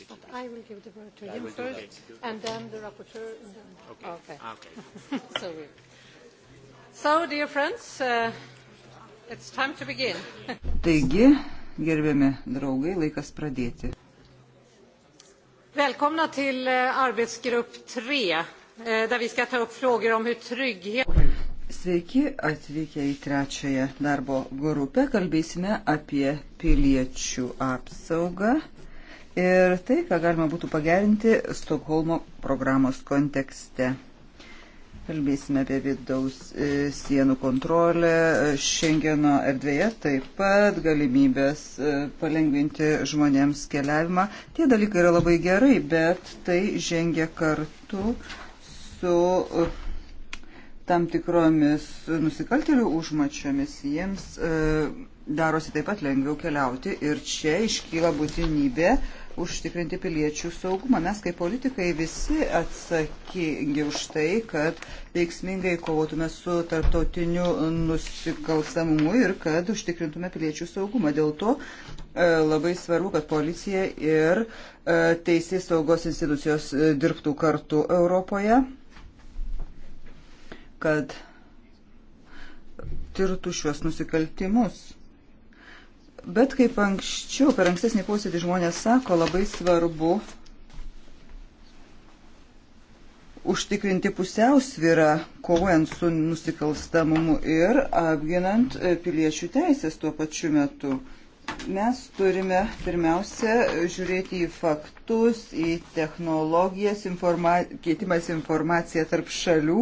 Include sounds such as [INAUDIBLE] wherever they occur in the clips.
Yes, but I will give the word to him first, and then the rapporteur. And then... Okay. Oh, okay. Ah, okay. [LAUGHS] so, we... so, dear friends, uh, it's time to begin. [LAUGHS] Taigi, gerbiami draugai, laikas pradėti. Välkomna till eh, arbetsgrupp 3, eh, där vi ska ta upp frågor om hur trygghet... Sveiki atvykę į trečiąją darbo grupę. Kalbėsime apie piliečių apsaugą ir tai, ką galima būtų pagerinti Stokholmo programos kontekste. Kalbėsime apie vidaus e, sienų kontrolę e, Šengeno erdvėje, taip pat galimybės e, palengvinti žmonėms keliavimą. Tie dalykai yra labai gerai, bet tai žengia kartu su tam tikromis nusikaltėlių užmačiomis. Jiems darosi taip pat lengviau keliauti ir čia iškyla būtinybė užtikrinti piliečių saugumą. Mes kaip politikai visi atsakingi už tai, kad veiksmingai kovotume su tarptautiniu nusikalstamumu ir kad užtikrintume piliečių saugumą. Dėl to e, labai svarbu, kad policija ir e, teisės saugos institucijos e, dirbtų kartu Europoje, kad tirtų šiuos nusikaltimus. Bet kaip anksčiau, per ankstesnį posėdį žmonės sako, labai svarbu užtikrinti pusiausvyrą, kovojant su nusikalstamumu ir apginant e, piliečių teisės tuo pačiu metu. Mes turime pirmiausia žiūrėti į faktus, į technologijas, informa keitimas informacija tarp šalių,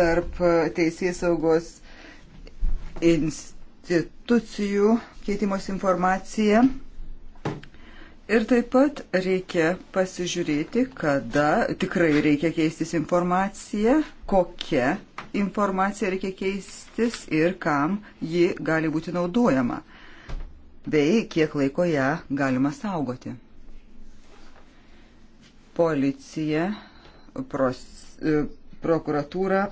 tarp teisės saugos institucijų keitimos informacija. Ir taip pat reikia pasižiūrėti, kada tikrai reikia keistis informacija, kokia informacija reikia keistis ir kam ji gali būti naudojama, bei kiek laiko ją galima saugoti. Policija, pros, e, prokuratūra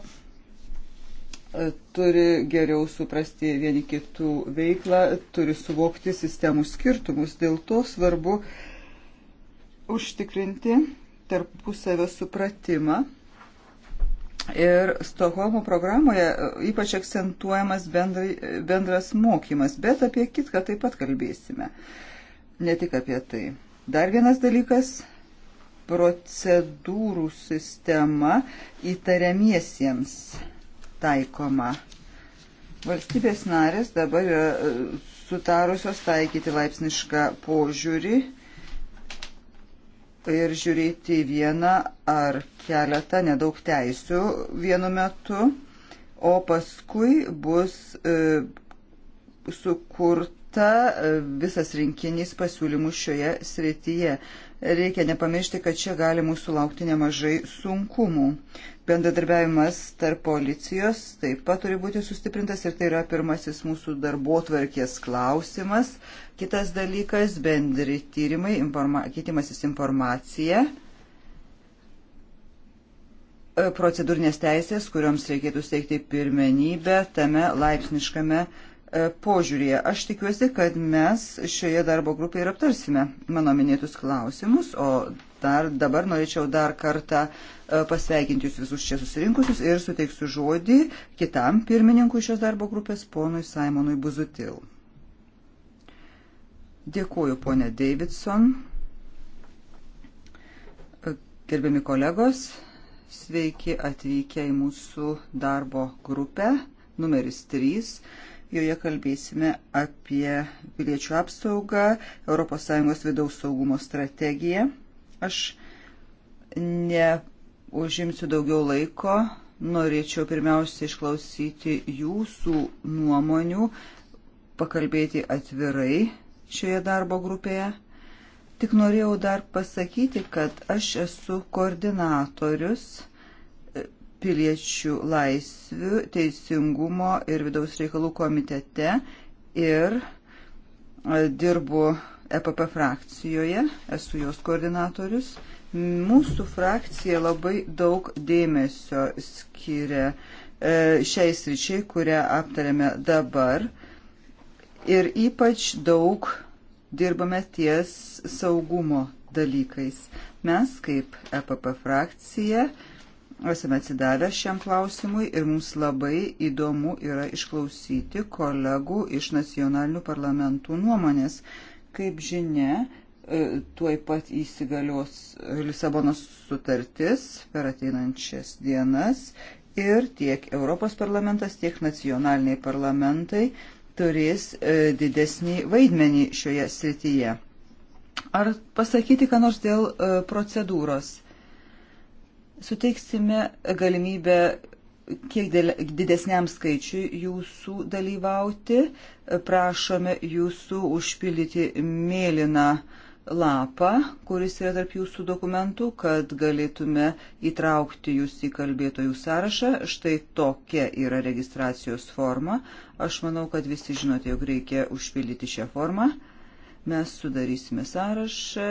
turi geriau suprasti vieni kitų veiklą, turi suvokti sistemų skirtumus. Dėl to svarbu užtikrinti tarpusavio supratimą. Ir Stokholmo programoje e, ypač akcentuojamas bendrai, bendras mokymas, bet apie kitką taip pat kalbėsime. Ne tik apie tai. Dar vienas dalykas - procedūrų sistema įtariamiesiems taikoma. Valstybės narės dabar yra e, sutarusios taikyti laipsnišką požiūrį ir žiūrėti vieną ar keletą nedaug teisių vienu metu, o paskui bus e, sukurta e, visas rinkinys pasiūlymų šioje srityje. Reikia nepamiršti, kad čia gali mūsų laukti nemažai sunkumų bendradarbiavimas tarp policijos taip pat turi būti sustiprintas ir tai yra pirmasis mūsų darbo tvarkės klausimas. Kitas dalykas - bendri tyrimai, informa keitimasis informacija, e, procedūrinės teisės, kuriuoms reikėtų steigti pirmenybę tame laipsniškame e, požiūrėje. Aš tikiuosi, kad mes šioje darbo grupėje ir aptarsime mano minėtus klausimus, o dar dabar norėčiau dar kartą e, pasveikinti jūs visus čia susirinkusius ir suteiksiu žodį kitam pirmininkui šios darbo grupės ponui Simonui Buzutil. Dėkuoju, ponė Davidson. E, gerbiami kolegos, sveiki atvykę į mūsų darbo grupę numeris 3. Joje kalbėsime apie piliečių apsaugą, ES vidaus saugumo strategiją. Aš neužimsiu daugiau laiko, norėčiau pirmiausia išklausyti jūsų nuomonių, pakalbėti atvirai šioje darbo grupėje. Tik norėjau dar pasakyti, kad aš esu koordinatorius piliečių laisvių, teisingumo ir vidaus reikalų komitete ir dirbu EPP frakcijoje, esu jos koordinatorius. Mūsų frakcija labai daug dėmesio skiria e, šiai sričiai, kurią aptarėme dabar. Ir ypač daug dirbame ties saugumo dalykais. Mes kaip EPP frakcija esame atsidavę šiam klausimui ir mums labai įdomu yra išklausyti kolegų iš nacionalinių parlamentų nuomonės. Kaip žinia, e, tuoj pat įsigalios Lisabonos sutartis per ateinančias dienas ir tiek Europos parlamentas, tiek nacionaliniai parlamentai turės e, didesnį vaidmenį šioje srityje. Ar pasakyti, ką nors dėl e, procedūros? Suteiksime galimybę kiek dėl, didesniam skaičiui jūsų dalyvauti. Prašome jūsų užpildyti mėlyną lapą, kuris yra tarp jūsų dokumentų, kad galėtume įtraukti jūs į kalbėtojų sąrašą. Štai tokia yra registracijos forma. Aš manau, kad visi žinote, jog reikia užpildyti šią formą. Mes sudarysime sąrašą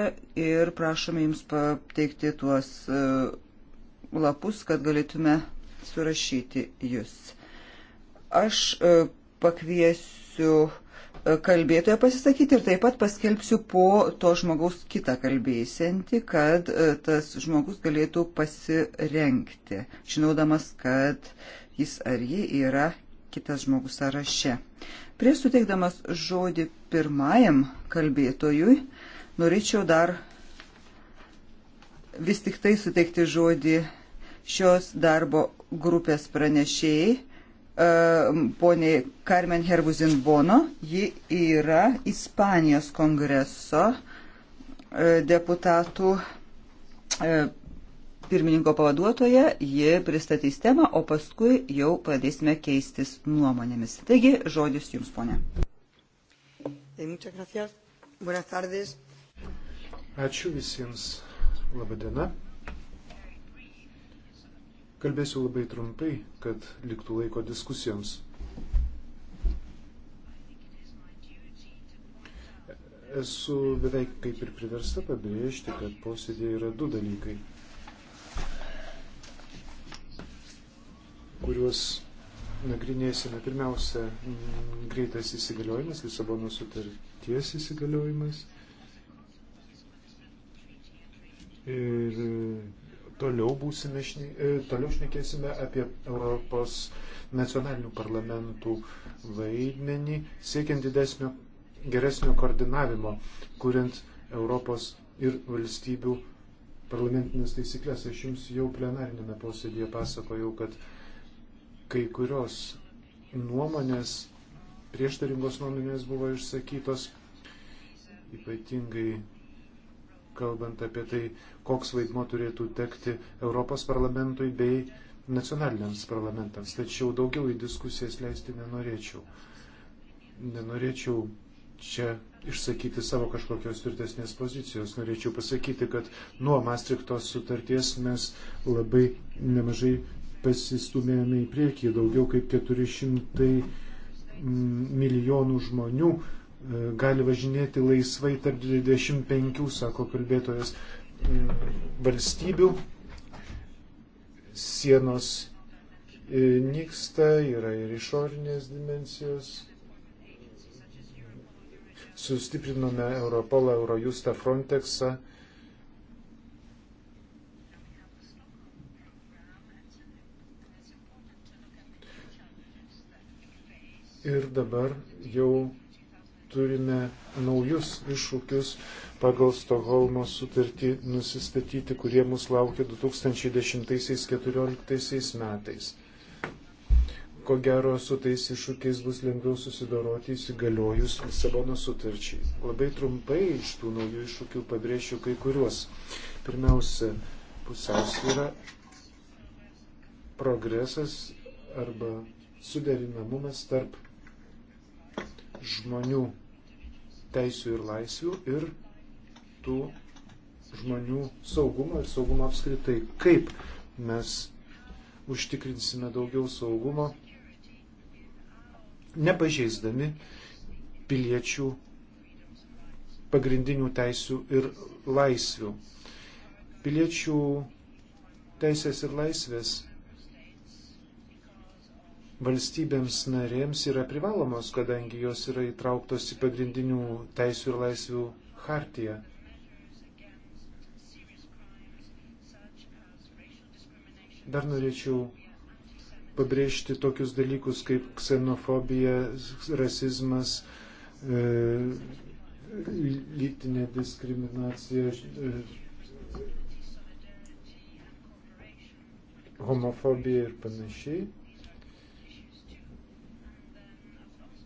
ir prašome jums pateikti tuos e, lapus, kad galėtume surašyti jūs. Aš e, pakviesiu e, kalbėtoje pasisakyti ir taip pat paskelbsiu po to žmogaus kitą kalbėsianti, kad e, tas žmogus galėtų pasirenkti, žinodamas, kad jis ar ji yra kitas žmogus sąraše. Prieš suteikdamas žodį pirmajam kalbėtojui, norėčiau dar vis tik tai suteikti žodį šios darbo grupės pranešėjai, e, poniai Carmen Herbuzin Bono, ji yra Ispanijos kongreso e, deputatų e, pirmininko pavaduotoja, ji pristatys temą, o paskui jau pradėsime keistis nuomonėmis. Taigi, žodis jums, ponė. Ačiū visiems. Labadiena. Kalbėsiu labai trumpai, kad liktų laiko diskusijoms. Esu beveik kaip ir priversta pabrėžti, kad posėdėje yra du dalykai, kuriuos nagrinėsime pirmiausia greitas įsigaliojimas, Lisabono sutarties įsigaliojimas ir toliau, būsime, e, toliau šnekėsime apie Europos nacionalinių parlamentų vaidmenį, siekiant didesnio, geresnio koordinavimo, kuriant Europos ir valstybių parlamentinės taisyklės. Aš jums jau plenarinėme posėdėje pasakojau, kad kai kurios nuomonės, prieštaringos nuomonės buvo išsakytos, ypatingai kalbant apie tai, koks vaidmo turėtų tekti Europos parlamentui bei nacionaliniams parlamentams. Tačiau daugiau į diskusijas leisti nenorėčiau. Nenorėčiau čia išsakyti savo kažkokios tvirtesnės pozicijos. Norėčiau pasakyti, kad nuo Maastrichtos sutarties mes labai nemažai pasistumėjome į priekį. Daugiau kaip 400 mm, milijonų žmonių E, gali važinėti laisvai tarp 25, sako kalbėtojas, e, valstybių. Sienos e, nyksta, yra ir išorinės dimensijos. Sustiprinome Europolą, Eurojustą, Frontexą. Ir dabar jau turime naujus iššūkius pagal Stokholmo sutartį nusistatyti, kurie mus laukia 2010-2014 metais. Ko gero, su tais iššūkiais bus lengviau susidoroti įsigaliojus Lisabono sutarčiai. Labai trumpai iš tų naujų iššūkių pabrėšiu kai kuriuos. Pirmiausia, pusiausvyra, progresas arba suderinamumas tarp žmonių teisų ir laisvių ir tų žmonių saugumą ir saugumą apskritai. Kaip mes užtikrinsime daugiau saugumo, nepažeisdami piliečių pagrindinių teisių ir laisvių. Piliečių teisės ir laisvės valstybėms narėms yra privalomos, kadangi jos yra įtrauktos į pagrindinių teisų ir laisvių hartiją. Dar norėčiau pabrėžti tokius dalykus kaip ksenofobija, rasizmas, e, lytinė diskriminacija, e, homofobija ir panašiai.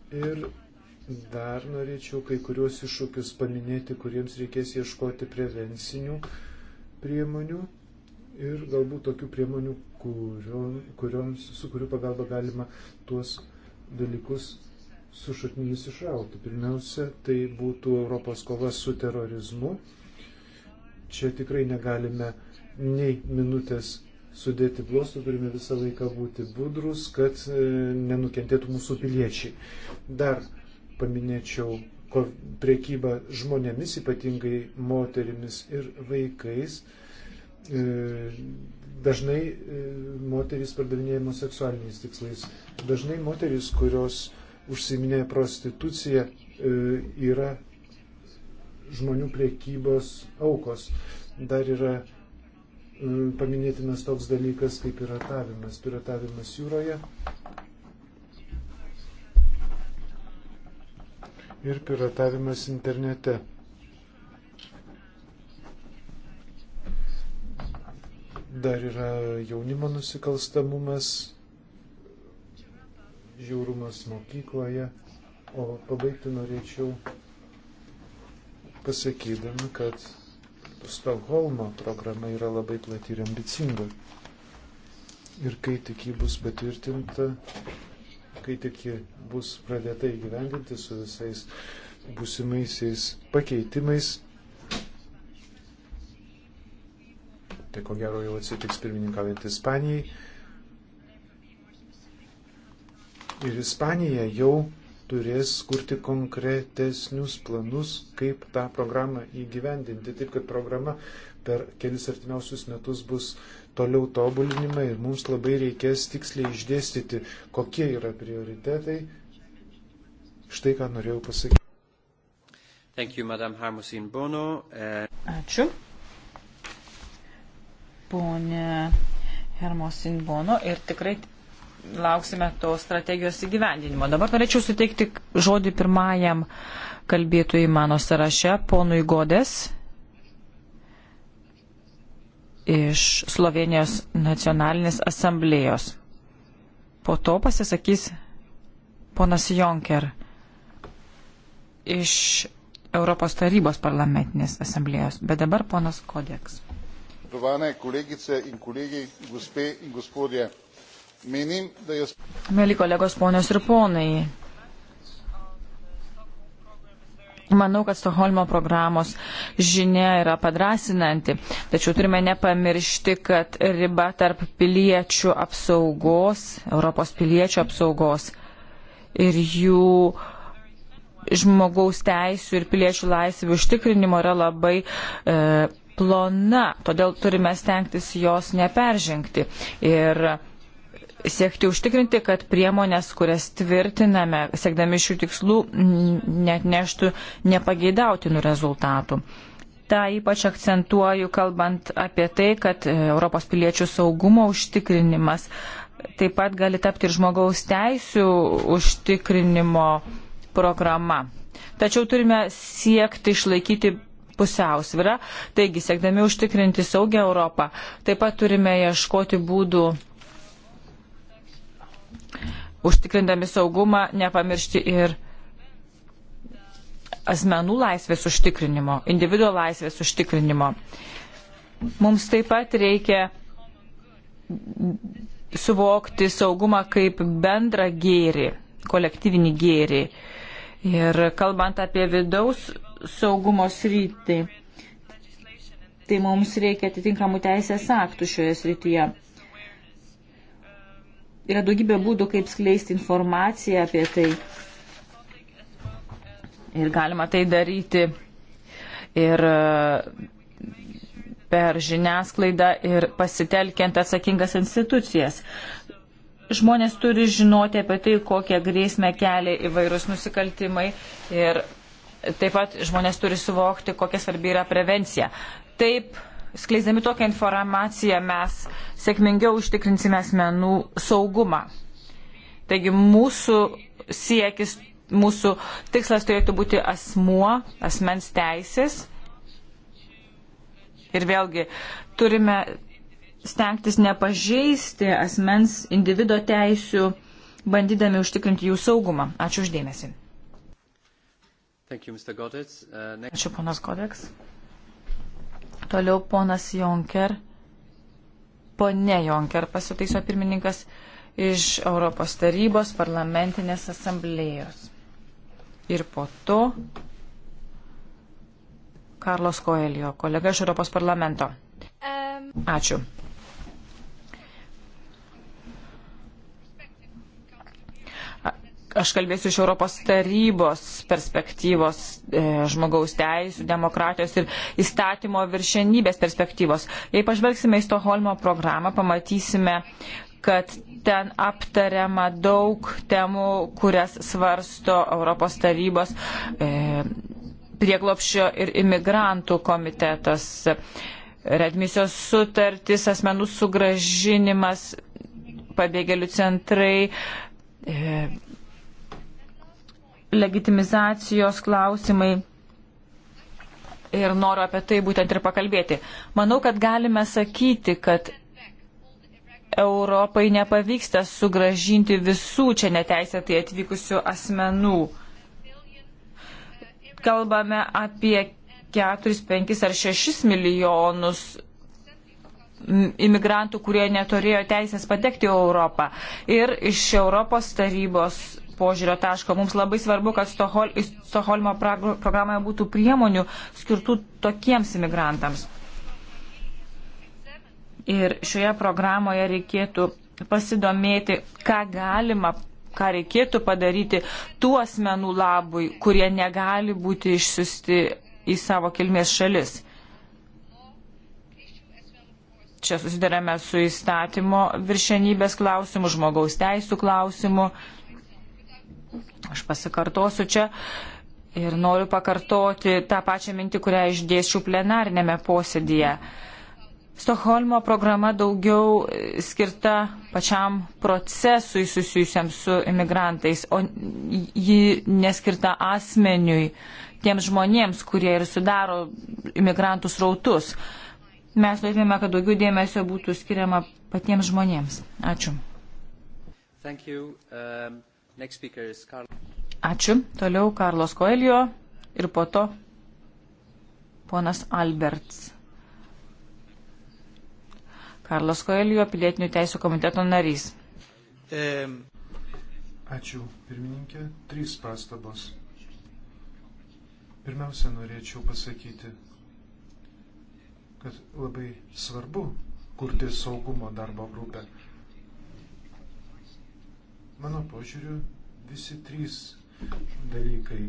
Ir dar norėčiau kai kuriuos iššūkius paminėti, kuriems reikės ieškoti prevencinių priemonių ir galbūt tokių priemonių, kuriom, kurioms, su kurių pagalba galima tuos dalykus su šaknyjais išrauti. Pirmiausia, tai būtų Europos kova su terorizmu. Čia tikrai negalime nei minutės sudėti pluostų, turime visą laiką būti budrus, kad e, nenukentėtų mūsų piliečiai. Dar paminėčiau priekybą žmonėmis, ypatingai moterimis ir vaikais. E, dažnai e, moterys pardavinėjamos seksualiniais tikslais. Dažnai moterys, kurios užsiminė prostituciją, yra žmonių priekybos aukos. Dar yra Mm, paminėtinas toks dalykas kaip piratavimas. Piratavimas jūroje ir piratavimas internete. Dar yra jaunimo nusikalstamumas, žiaurumas mokykloje. O pabaigti norėčiau pasakydami, kad Stokholmo programa yra labai plati ir ambicinga. Ir kai tik ji bus patvirtinta, kai tik ji bus pradėta įgyvendinti su visais būsimaisiais pakeitimais, tai ko gero jau atsitiks pirmininkaujant Ispanijai. Ir Ispanija jau turės kurti konkretesnius planus, kaip tą programą įgyvendinti, taip kad programa per kelis artimiausius metus bus toliau tobulinima ir mums labai reikės tiksliai išdėstyti, kokie yra prioritetai. Štai ką norėjau pasakyti. Thank you, Madam Harmusin Bono. Uh... Ačiū. Pone Hermosin Bono ir tikrai lauksime to strategijos įgyvendinimo. Dabar norėčiau suteikti žodį pirmajam kalbėtojui mano sąraše, ponui Godės iš Slovenijos nacionalinės asamblėjos. Po to pasisakys ponas Jonker iš Europos tarybos parlamentinės asamblėjos, bet dabar ponas Kodeks. Dovane kolegice in kolegi, gospe in gospodje. Mėly kolegos, ponios ir ponai, manau, kad Stoholmo programos žinia yra padrasinanti, tačiau turime nepamiršti, kad riba tarp piliečių apsaugos, Europos piliečių apsaugos ir jų žmogaus teisų ir piliečių laisvių užtikrinimo yra labai. E, plona, todėl turime stengtis jos neperžengti. Ir siekti užtikrinti, kad priemonės, kurias tvirtiname, siekdami šių tikslų, net neštų nepageidautinų rezultatų. Ta ypač akcentuoju, kalbant apie tai, kad e, Europos piliečių saugumo užtikrinimas taip pat gali tapti ir žmogaus teisų užtikrinimo programa. Tačiau turime siekti išlaikyti pusiausvirą, taigi siekdami užtikrinti saugią Europą, taip pat turime ieškoti būdų užtikrindami saugumą, nepamiršti ir asmenų laisvės užtikrinimo, individuo laisvės užtikrinimo. Mums taip pat reikia suvokti saugumą kaip bendrą gėrį, kolektyvinį gėrį. Ir kalbant apie vidaus saugumo sritį, tai mums reikia atitinkamų teisės aktų šioje srityje. Yra daugybė būdų, kaip skleisti informaciją apie tai. Ir galima tai daryti ir e, per žiniasklaidą ir pasitelkiant atsakingas institucijas. Žmonės turi žinoti apie tai, kokią grėsmę kelia įvairūs nusikaltimai ir taip pat žmonės turi suvokti, kokia svarbi yra prevencija. Taip skleisdami tokią informaciją mes sėkmingiau užtikrinsime asmenų saugumą. Taigi mūsų siekis, mūsų tikslas turėtų būti asmuo, asmens teisės. Ir vėlgi turime stengtis nepažeisti asmens individo teisių, bandydami užtikrinti jų saugumą. Ačiū uždėmesi. You, uh, next... Ačiū, ponas Kodeks. Toliau ponas Jonker, ponė Jonker, pasitaiso pirmininkas iš Europos tarybos parlamentinės asamblėjos. Ir po to Karlos Koelio, kolega iš Europos parlamento. Ačiū. Aš kalbėsiu iš Europos tarybos perspektyvos, e, žmogaus teisų, demokratijos ir įstatymo viršenybės perspektyvos. Jei pažvelgsime į Stoholmo programą, pamatysime, kad ten aptariama daug temų, kurias svarsto Europos tarybos. E, prieglopščio ir imigrantų komitetas, redmisijos sutartis, asmenų sugražinimas, pabėgėlių centrai, e, legitimizacijos klausimai. Ir noriu apie tai būtent ir pakalbėti. Manau, kad galime sakyti, kad Europai nepavyksta sugražinti visų čia neteisėtai atvykusių asmenų. Kalbame apie 4, 5 ar 6 milijonus imigrantų, kurie neturėjo teisės patekti į Europą. Ir iš Europos tarybos požiūrio taško. Mums labai svarbu, kad Stohol, Stoholmo programoje būtų priemonių skirtų tokiems imigrantams. Ir šioje programoje reikėtų pasidomėti, ką galima, ką reikėtų padaryti tų asmenų labui, kurie negali būti išsiusti į savo kilmės šalis. Čia susidarėme su įstatymo viršenybės klausimu, žmogaus teisų klausimu. Uh, Aš pasikartosiu čia ir noriu pakartoti tą pačią mintį, kurią išdėšiu plenarnėme posėdėje. Stokholmo programa daugiau e, skirta pačiam procesui susijusiam su imigrantais, o ji neskirta asmeniui, tiems žmonėms, kurie ir sudaro imigrantų srautus. Mes norėtume, kad daugiau dėmesio būtų skiriama patiems žmonėms. Ačiū. Thank you. Um... Ačiū. Toliau Karlos Koelio ir po to ponas Alberts. Karlos Koelio, pilietinių teisų komiteto narys. Ačiū, pirmininkė. Trys pastabos. Pirmiausia, norėčiau pasakyti, kad labai svarbu kurti saugumo darbo grupę. Mano požiūriu, visi trys dalykai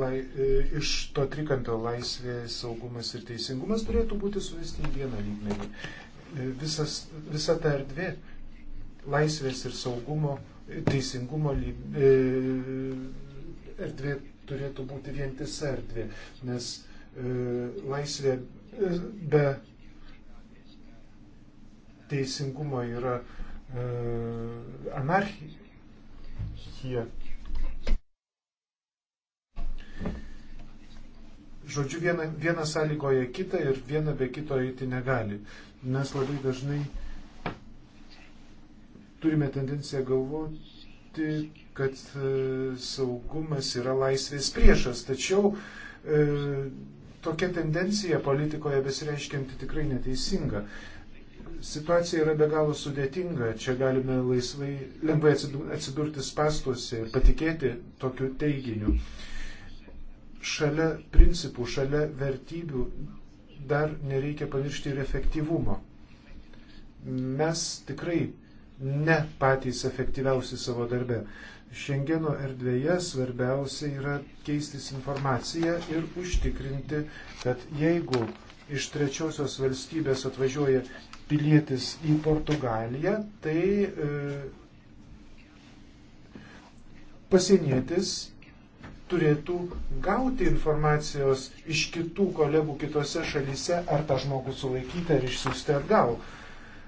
lai, e, iš to trikampio laisvė, saugumas ir teisingumas turėtų būti suvesti į vieną lygmenį. E, visas, visa ta erdvė laisvės ir saugumo, teisingumo lyg, e, erdvė turėtų būti vientisa erdvė, nes e, laisvė e, be teisingumo yra e, anarchija hier. Žodžiu, viena, viena sąlygoja kitą ir viena be kito eiti negali. Mes labai dažnai turime tendenciją galvoti, kad e, saugumas yra laisvės priešas. Tačiau e, tokia tendencija politikoje besireiškianti tikrai neteisinga. E, Situacija yra be galo sudėtinga, čia galime laisvai, lengvai atsidurti spastuose ir patikėti tokiu teiginiu. Šalia principų, šalia vertybių dar nereikia pamiršti ir efektyvumo. Mes tikrai ne patys efektyviausi savo darbe. Šengeno erdvėje svarbiausia yra keistis informaciją ir užtikrinti, kad jeigu iš trečiosios valstybės atvažiuoja pilietis į Portugaliją, tai e, pasienietis turėtų gauti informacijos iš kitų kolegų kitose šalyse, ar tą žmogų sulaikyti, ar išsiųsti atgal.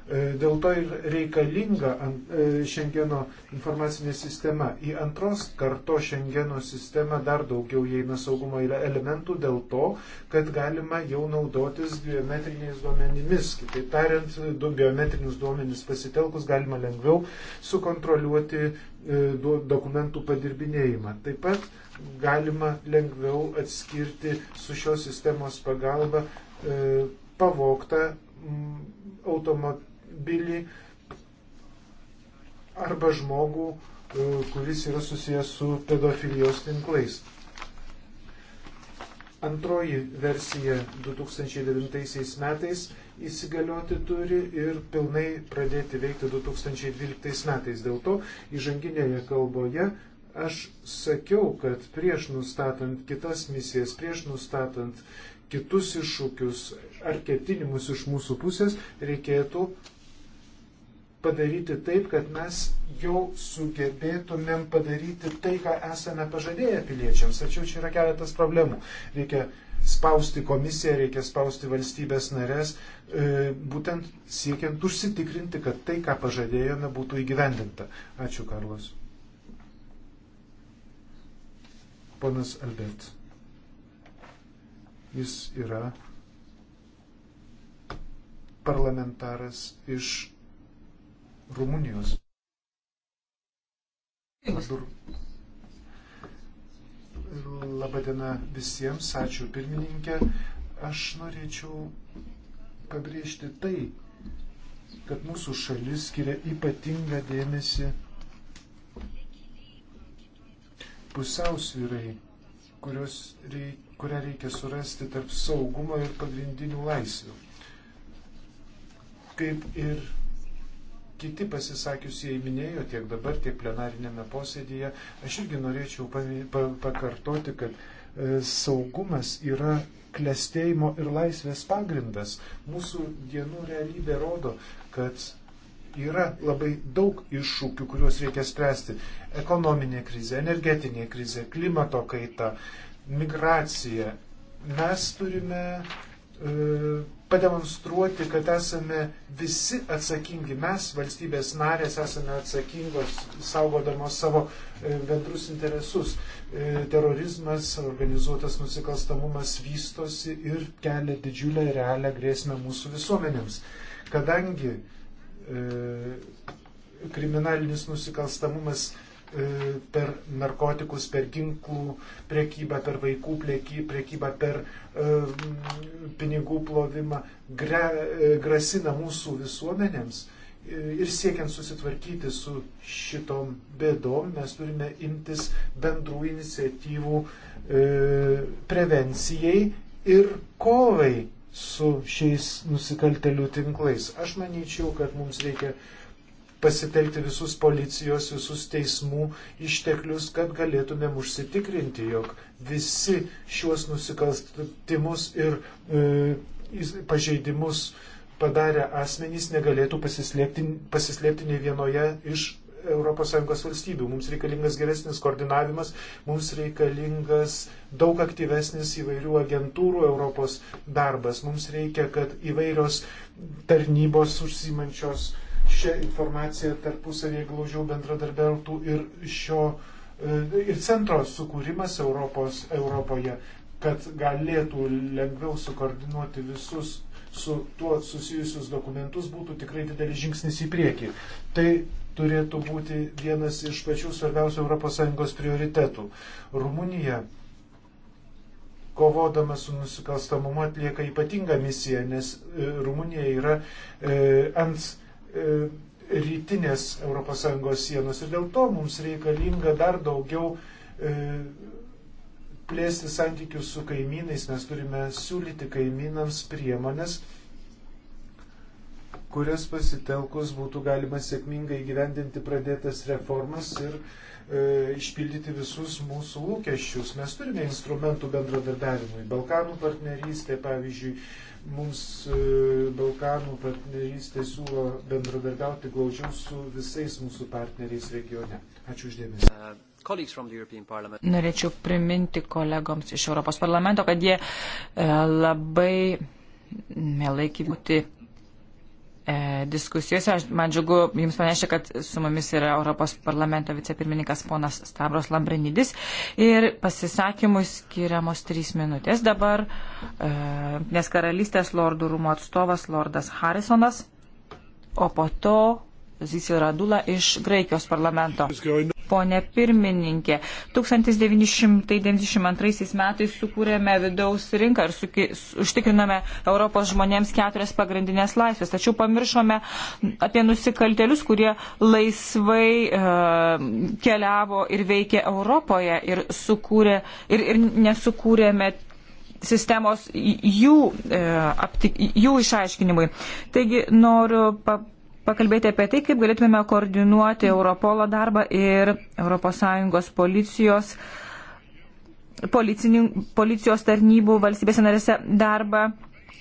E, dėl to ir reikalinga e, Šengeno informacinė sistema. Į antros karto Šengeno sistemą dar daugiau įeina saugumo elementų dėl to, kad galima jau naudotis biometriniais duomenimis. Kitaip tariant, du biometrinius duomenis pasitelkus galima lengviau sukontroliuoti e, dokumentų padirbinėjimą. Taip pat galima lengviau atskirti su šios sistemos pagalba pavoktą automobilį automobilį arba žmogų, e, kuris yra susijęs su pedofilijos tinklais. Antroji versija 2009 metais įsigalioti turi ir pilnai pradėti veikti 2012 metais. Dėl to įžanginėje kalboje aš sakiau, kad prieš nustatant kitas misijas, prieš nustatant kitus iššūkius ar ketinimus iš mūsų pusės reikėtų padaryti taip, kad mes jau sugebėtumėm padaryti tai, ką esame pažadėję piliečiams. Tačiau čia yra keletas problemų. Reikia spausti komisiją, reikia spausti valstybės narės, e, būtent siekiant užsitikrinti, kad tai, ką pažadėjome, būtų įgyvendinta. Ačiū, Karlos. Ponas Albert. Jis yra parlamentaras iš Rumunijos. Labadiena visiems, ačiū pirmininkė. Aš norėčiau pabrėžti tai, kad mūsų šalis skiria ypatingą dėmesį pusiausvyrai, reik, kurią reikia surasti tarp saugumo ir pagrindinių laisvių. Kaip ir kiti pasisakiusieji minėjo tiek dabar, tiek plenarinėme posėdėje. Aš irgi norėčiau pakartoti, kad e, saugumas yra klestėjimo ir laisvės pagrindas. Mūsų dienų realybė rodo, kad yra labai daug iššūkių, kuriuos reikia spręsti. Ekonominė krizė, energetinė krizė, klimato kaita, migracija. Mes turime E, pademonstruoti, kad esame visi atsakingi. Mes, valstybės narės, esame atsakingos, saugodamos savo e, bendrus interesus. E, terorizmas, organizuotas nusikalstamumas vystosi ir kelia didžiulę realią grėsmę mūsų visuomenėms. Kadangi kriminalinis nusikalstamumas E, per narkotikus, per ginklų priekybą, per vaikų priekybą, per e, pinigų plovimą, e, grasina mūsų visuomenėms. Ir siekiant susitvarkyti su šitom bėdom, mes turime imtis bendrų iniciatyvų prevencijai ir kovai su šiais nusikaltelių tinklais. Aš manyčiau, kad mums reikia pasitelkti visus policijos, visus teismų išteklius, kad galėtumėm užsitikrinti, jog visi šiuos nusikaltimus ir e, pažeidimus padarę asmenys negalėtų pasislėpti, pasislėpti nei vienoje iš ES valstybių. Mums reikalingas geresnis koordinavimas, mums reikalingas daug aktyvesnis įvairių agentūrų Europos darbas, mums reikia, kad įvairios tarnybos užsimančios uh, šią informaciją tarpusavėje glaužiau bendradarbiautų ir šio e, ir centro sukūrimas Europos, Europoje, kad galėtų lengviau sukoordinuoti visus su tuo susijusius dokumentus būtų tikrai didelis žingsnis į priekį. Tai turėtų būti vienas iš pačių svarbiausių ES prioritetų. Rumunija, kovodama su nusikalstamumu, atlieka ypatingą misiją, nes e, Rumunija yra e, ant E, rytinės ES sienos. Ir dėl to mums reikalinga dar daugiau e, plėsti santykius su kaimynais. Mes turime siūlyti kaimynams priemonės, kurias pasitelkus būtų galima sėkmingai gyvendinti pradėtas reformas ir e, išpildyti visus mūsų lūkesčius. Mes turime instrumentų bendradarbiavimui. Balkanų partnerystė, pavyzdžiui, mums e, Balkanų partnerystė siūlo bendradarbiauti glaudžiau su visais mūsų partneriais regione. Ačiū uždėmesi. Uh, Norėčiau priminti kolegoms iš Europos parlamento, kad jie e, labai mielai gyvuti e, diskusijose. Aš, man džiugu, jums panešė, kad su mumis yra Europos parlamento vicepirmininkas ponas Stavros Lambrinidis ir pasisakymui skiriamos trys minutės. Dabar e, nes karalystės lordų rūmų atstovas lordas Harrisonas, o po to Zisir Radula iš Graikijos parlamento ponė pirmininkė. 1992 metais sukūrėme vidaus rinką ir suki, užtikrinome Europos žmonėms keturias pagrindinės laisvės, tačiau pamiršome apie nusikaltelius, kurie laisvai e, keliavo ir veikė Europoje ir, sukūrė, ir, ir nesukūrėme sistemos jų, e, aptik, jų išaiškinimui. Taigi noriu pa, pakalbėti apie tai, kaip galėtume koordinuoti Europolo darbą ir ES policijos, policijos tarnybų valstybėse narėse darbą.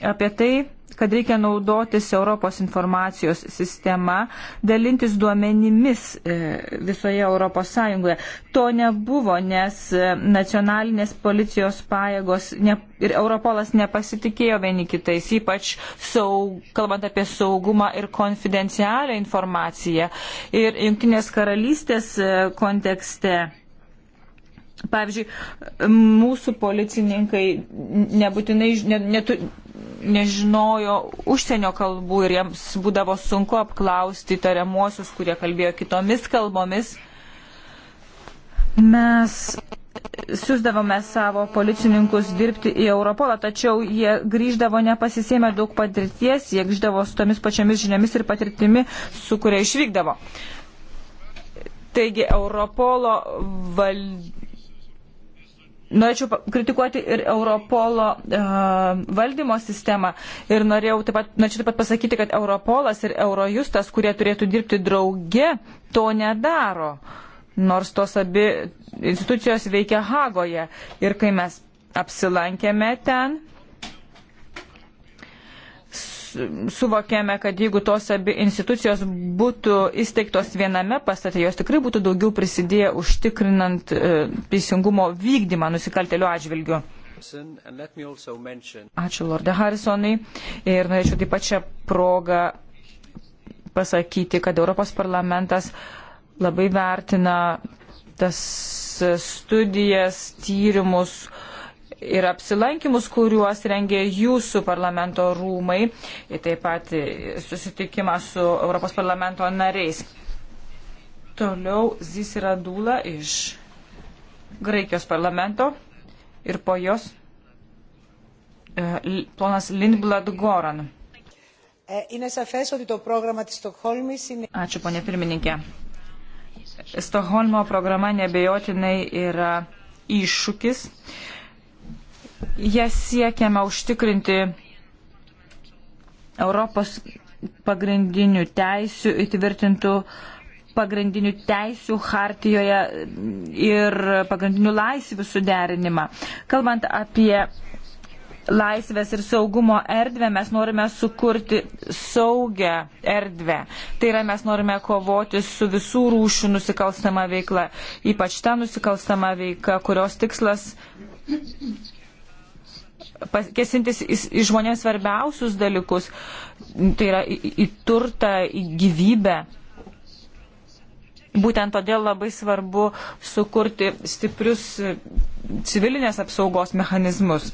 Apie tai kad reikia naudotis Europos informacijos sistema, dalintis duomenimis e, visoje Europos Sąjungoje. To nebuvo, nes e, nacionalinės policijos pajėgos ne, ir Europolas nepasitikėjo vieni kitais, ypač saug, kalbant apie saugumą ir konfidencialią informaciją. Ir Junktinės karalystės e, kontekste Pavyzdžiui, mūsų policininkai nebūtinai ne, netu, nežinojo užsienio kalbų ir jiems būdavo sunku apklausti tariamuosius, kurie kalbėjo kitomis kalbomis. Mes siūsdavome savo policininkus dirbti į Europolą, tačiau jie grįždavo nepasisėmę daug patirties, jie grįždavo su tomis pačiamis žiniomis ir patirtimi, su kuria išvykdavo. Taigi Europolo valdžia norėčiau kritikuoti ir Europolo uh, valdymo sistemą. Ir norėjau taip pat, norėčiau taip pat pasakyti, kad Europolas ir Eurojustas, kurie turėtų dirbti drauge, to nedaro. Nors tos abi institucijos veikia Hagoje. Ir kai mes apsilankėme ten, uh, suvokėme, kad jeigu tos abi institucijos būtų įsteigtos viename pastate, jos tikrai būtų daugiau prisidėję užtikrinant e, teisingumo vykdymą nusikaltelių atžvilgių. Ačiū Lorde Harrisonai ir norėčiau taip pat šią progą pasakyti, kad Europos parlamentas labai vertina tas studijas, tyrimus, uh, ir apsilankimus, kuriuos rengė jūsų parlamento rūmai, ir taip pat susitikimą su Europos parlamento nariais. Toliau Zisira Dūla iš Graikijos parlamento ir po jos e, ponas Lindblad Goran. E, Ačiū, ponė pirmininkė. Stokholmo programa nebejotinai yra iššūkis. Uh, Jas siekiame užtikrinti Europos pagrindinių teisių įtvirtintų pagrindinių teisių hartijoje ir pagrindinių laisvių suderinimą. Kalbant apie laisvės ir saugumo erdvę, mes norime sukurti saugę erdvę. Tai yra, mes norime kovoti su visų rūšių nusikalstama veikla, ypač ta nusikalstama veika, kurios tikslas kesintis į, į žmonėms svarbiausius dalykus, tai yra į, į turtą, į gyvybę. Būtent todėl labai svarbu sukurti stiprius civilinės apsaugos mechanizmus.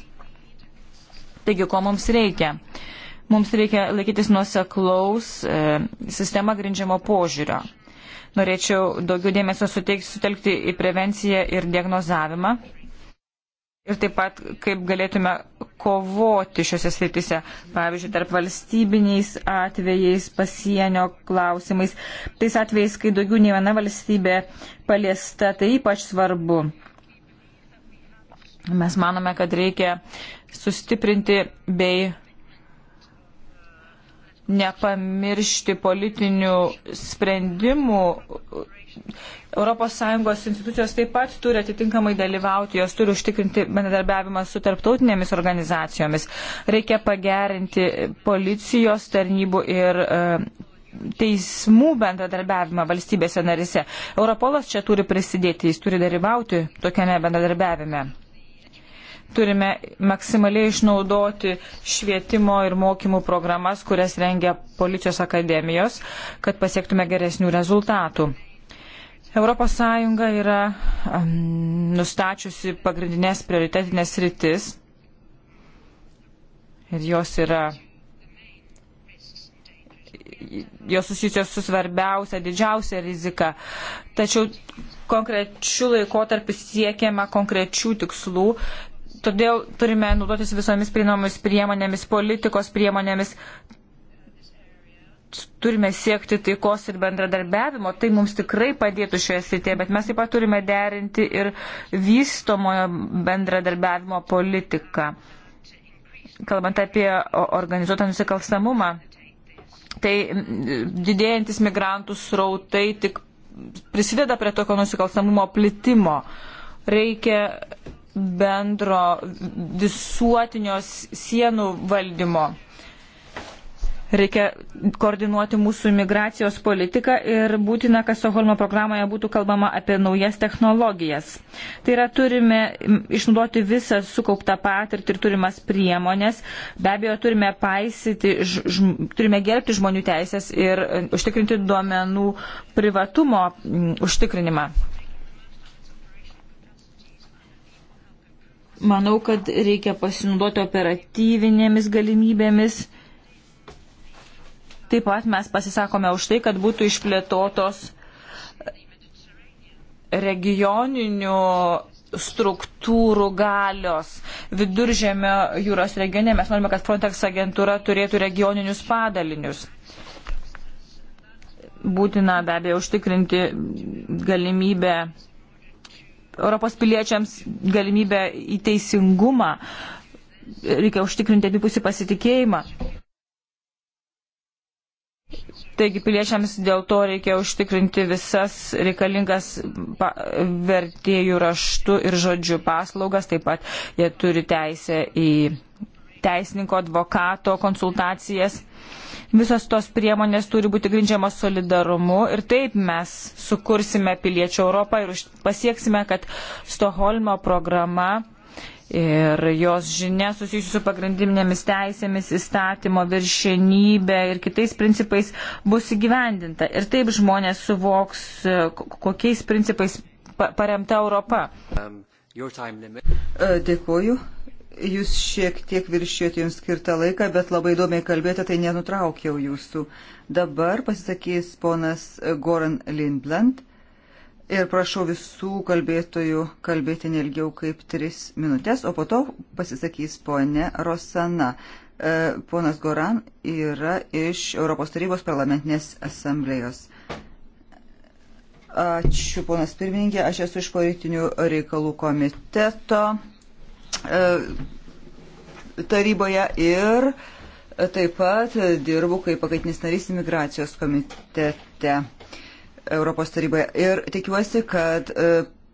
Taigi, ko mums reikia? Mums reikia laikytis nuoseklaus e, sistema grindžiamo požiūrio. Norėčiau daugiau dėmesio suteikti, sutelkti į prevenciją ir diagnozavimą. Ir taip pat, kaip galėtume kovoti šiuose sritise, pavyzdžiui, tarp valstybiniais atvejais, pasienio klausimais, tais atvejais, kai daugiau nei viena valstybė paliesta, tai ypač svarbu. Mes manome, kad reikia sustiprinti bei nepamiršti politinių sprendimų ES institucijos taip pat turi atitinkamai dalyvauti, jos turi užtikrinti bendradarbiavimą su tarptautinėmis organizacijomis. Reikia pagerinti policijos tarnybų ir e, teismų bendradarbiavimą valstybėse narise. Europolas čia turi prisidėti, jis turi dalyvauti tokiame bendradarbiavime. Turime maksimaliai išnaudoti švietimo ir mokymų programas, kurias rengia policijos akademijos, kad pasiektume geresnių rezultatų. ES yra nustačiusi pagrindinės prioritetinės rytis ir jos yra jos susijusios su svarbiausia, didžiausia rizika. Tačiau konkrečių laikotarpių siekiama konkrečių tikslų, todėl turime naudotis visomis prieinamomis priemonėmis, politikos priemonėmis, turime siekti taikos ir bendradarbiavimo, tai mums tikrai padėtų šioje srityje, bet mes taip pat turime derinti ir vystomojo bendradarbiavimo politiką. Kalbant apie organizuotą nusikalstamumą, tai didėjantis migrantų srautai tik prisideda prie tokio nusikalstamumo plitimo. Reikia bendro visuotinios sienų valdymo Reikia koordinuoti mūsų imigracijos politiką ir būtina, kad Stoholmo programoje būtų kalbama apie naujas technologijas. Tai yra, turime išnaudoti visą sukauptą patirtį ir turimas priemonės. Be abejo, turime paisyti, ž, turime gerbti žmonių teisės ir e, užtikrinti duomenų privatumo užtikrinimą. Manau, kad reikia pasinaudoti operatyvinėmis galimybėmis Taip pat mes pasisakome už tai, kad būtų išplėtotos regioninių struktūrų galios. Viduržėmio jūros regione mes norime, kad Frontex agentūra turėtų regioninius padalinius. Būtina be abejo užtikrinti galimybę Europos piliečiams galimybę į teisingumą. Reikia užtikrinti abipusį pasitikėjimą. Taigi piliečiams dėl to reikia užtikrinti visas reikalingas vertėjų raštų ir žodžių paslaugas, taip pat jie turi teisę į teisininko, advokato konsultacijas. Visos tos priemonės turi būti grindžiamos solidarumu ir taip mes sukursime piliečių Europą ir pasieksime, kad Stoholmo programa ir jos žinia susijusi su pagrindinėmis teisėmis, įstatymo viršenybė ir kitais principais bus įgyvendinta. Ir taip žmonės suvoks, kokiais principais paremta Europa. Um, e, Dėkuoju. Jūs šiek tiek viršėjote jums skirtą laiką, bet labai įdomiai kalbėjote, tai nenutraukiau jūsų. Dabar pasisakys ponas Goran Lindbland Ir prašau visų kalbėtojų kalbėti nelgiau kaip tris minutės, o po to pasisakys ponė Rosana. E, ponas Goran yra iš Europos tarybos parlamentinės asamblėjos. Ačiū, ponas pirmininkė. Aš esu iš politinių reikalų komiteto e, taryboje ir taip pat dirbu kaip pakaitinis narys imigracijos komitete. Europos taryboje. Ir tikiuosi, kad e,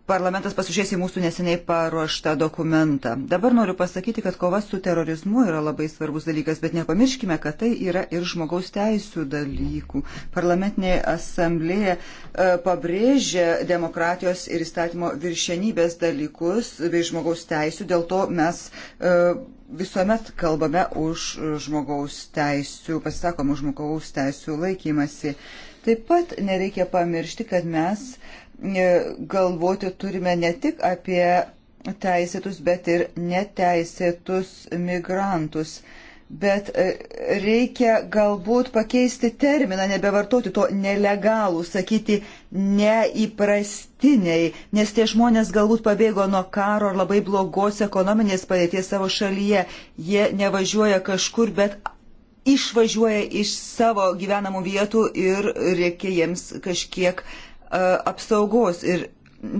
parlamentas pasižiūrės į mūsų neseniai paruoštą dokumentą. Dabar noriu pasakyti, kad kova su terorizmu yra labai svarbus dalykas, bet nepamirškime, kad tai yra ir žmogaus teisų dalykų. Parlamentinė asamblėje pabrėžė demokratijos ir įstatymo viršenybės dalykus bei žmogaus teisų, dėl to mes e, visuomet kalbame už žmogaus teisų, pasisakom už žmogaus teisų laikymasi. Uh, Taip pat nereikia pamiršti, kad mes e, galvoti turime ne tik apie teisėtus, bet ir neteisėtus migrantus. Bet e, reikia galbūt pakeisti terminą, nebevartoti to nelegalų, sakyti neįprastiniai, nes tie žmonės galbūt pabėgo nuo karo ar labai blogos ekonominės padėties savo šalyje. Jie nevažiuoja kažkur, bet išvažiuoja iš savo gyvenamų vietų ir reikia jiems kažkiek e, apsaugos. Ir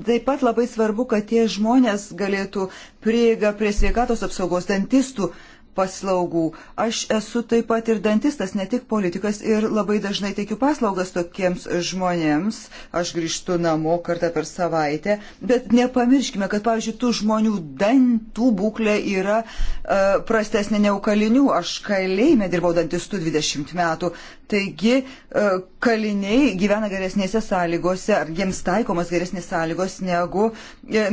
taip pat labai svarbu, kad tie žmonės galėtų prieiga prie sveikatos apsaugos, dantistų, uh, paslaugų. Aš esu taip pat ir dantistas, ne tik politikas ir labai dažnai teikiu paslaugas tokiems žmonėms. Aš grįžtu namo kartą per savaitę, bet nepamirškime, kad, pavyzdžiui, tų žmonių dantų būklė yra uh, prastesnė negu kalinių. Aš kalėjime dirbau dantistų 20 metų, taigi uh, kaliniai gyvena geresnėse sąlygose ar jiems taikomas geresnės sąlygos negu uh,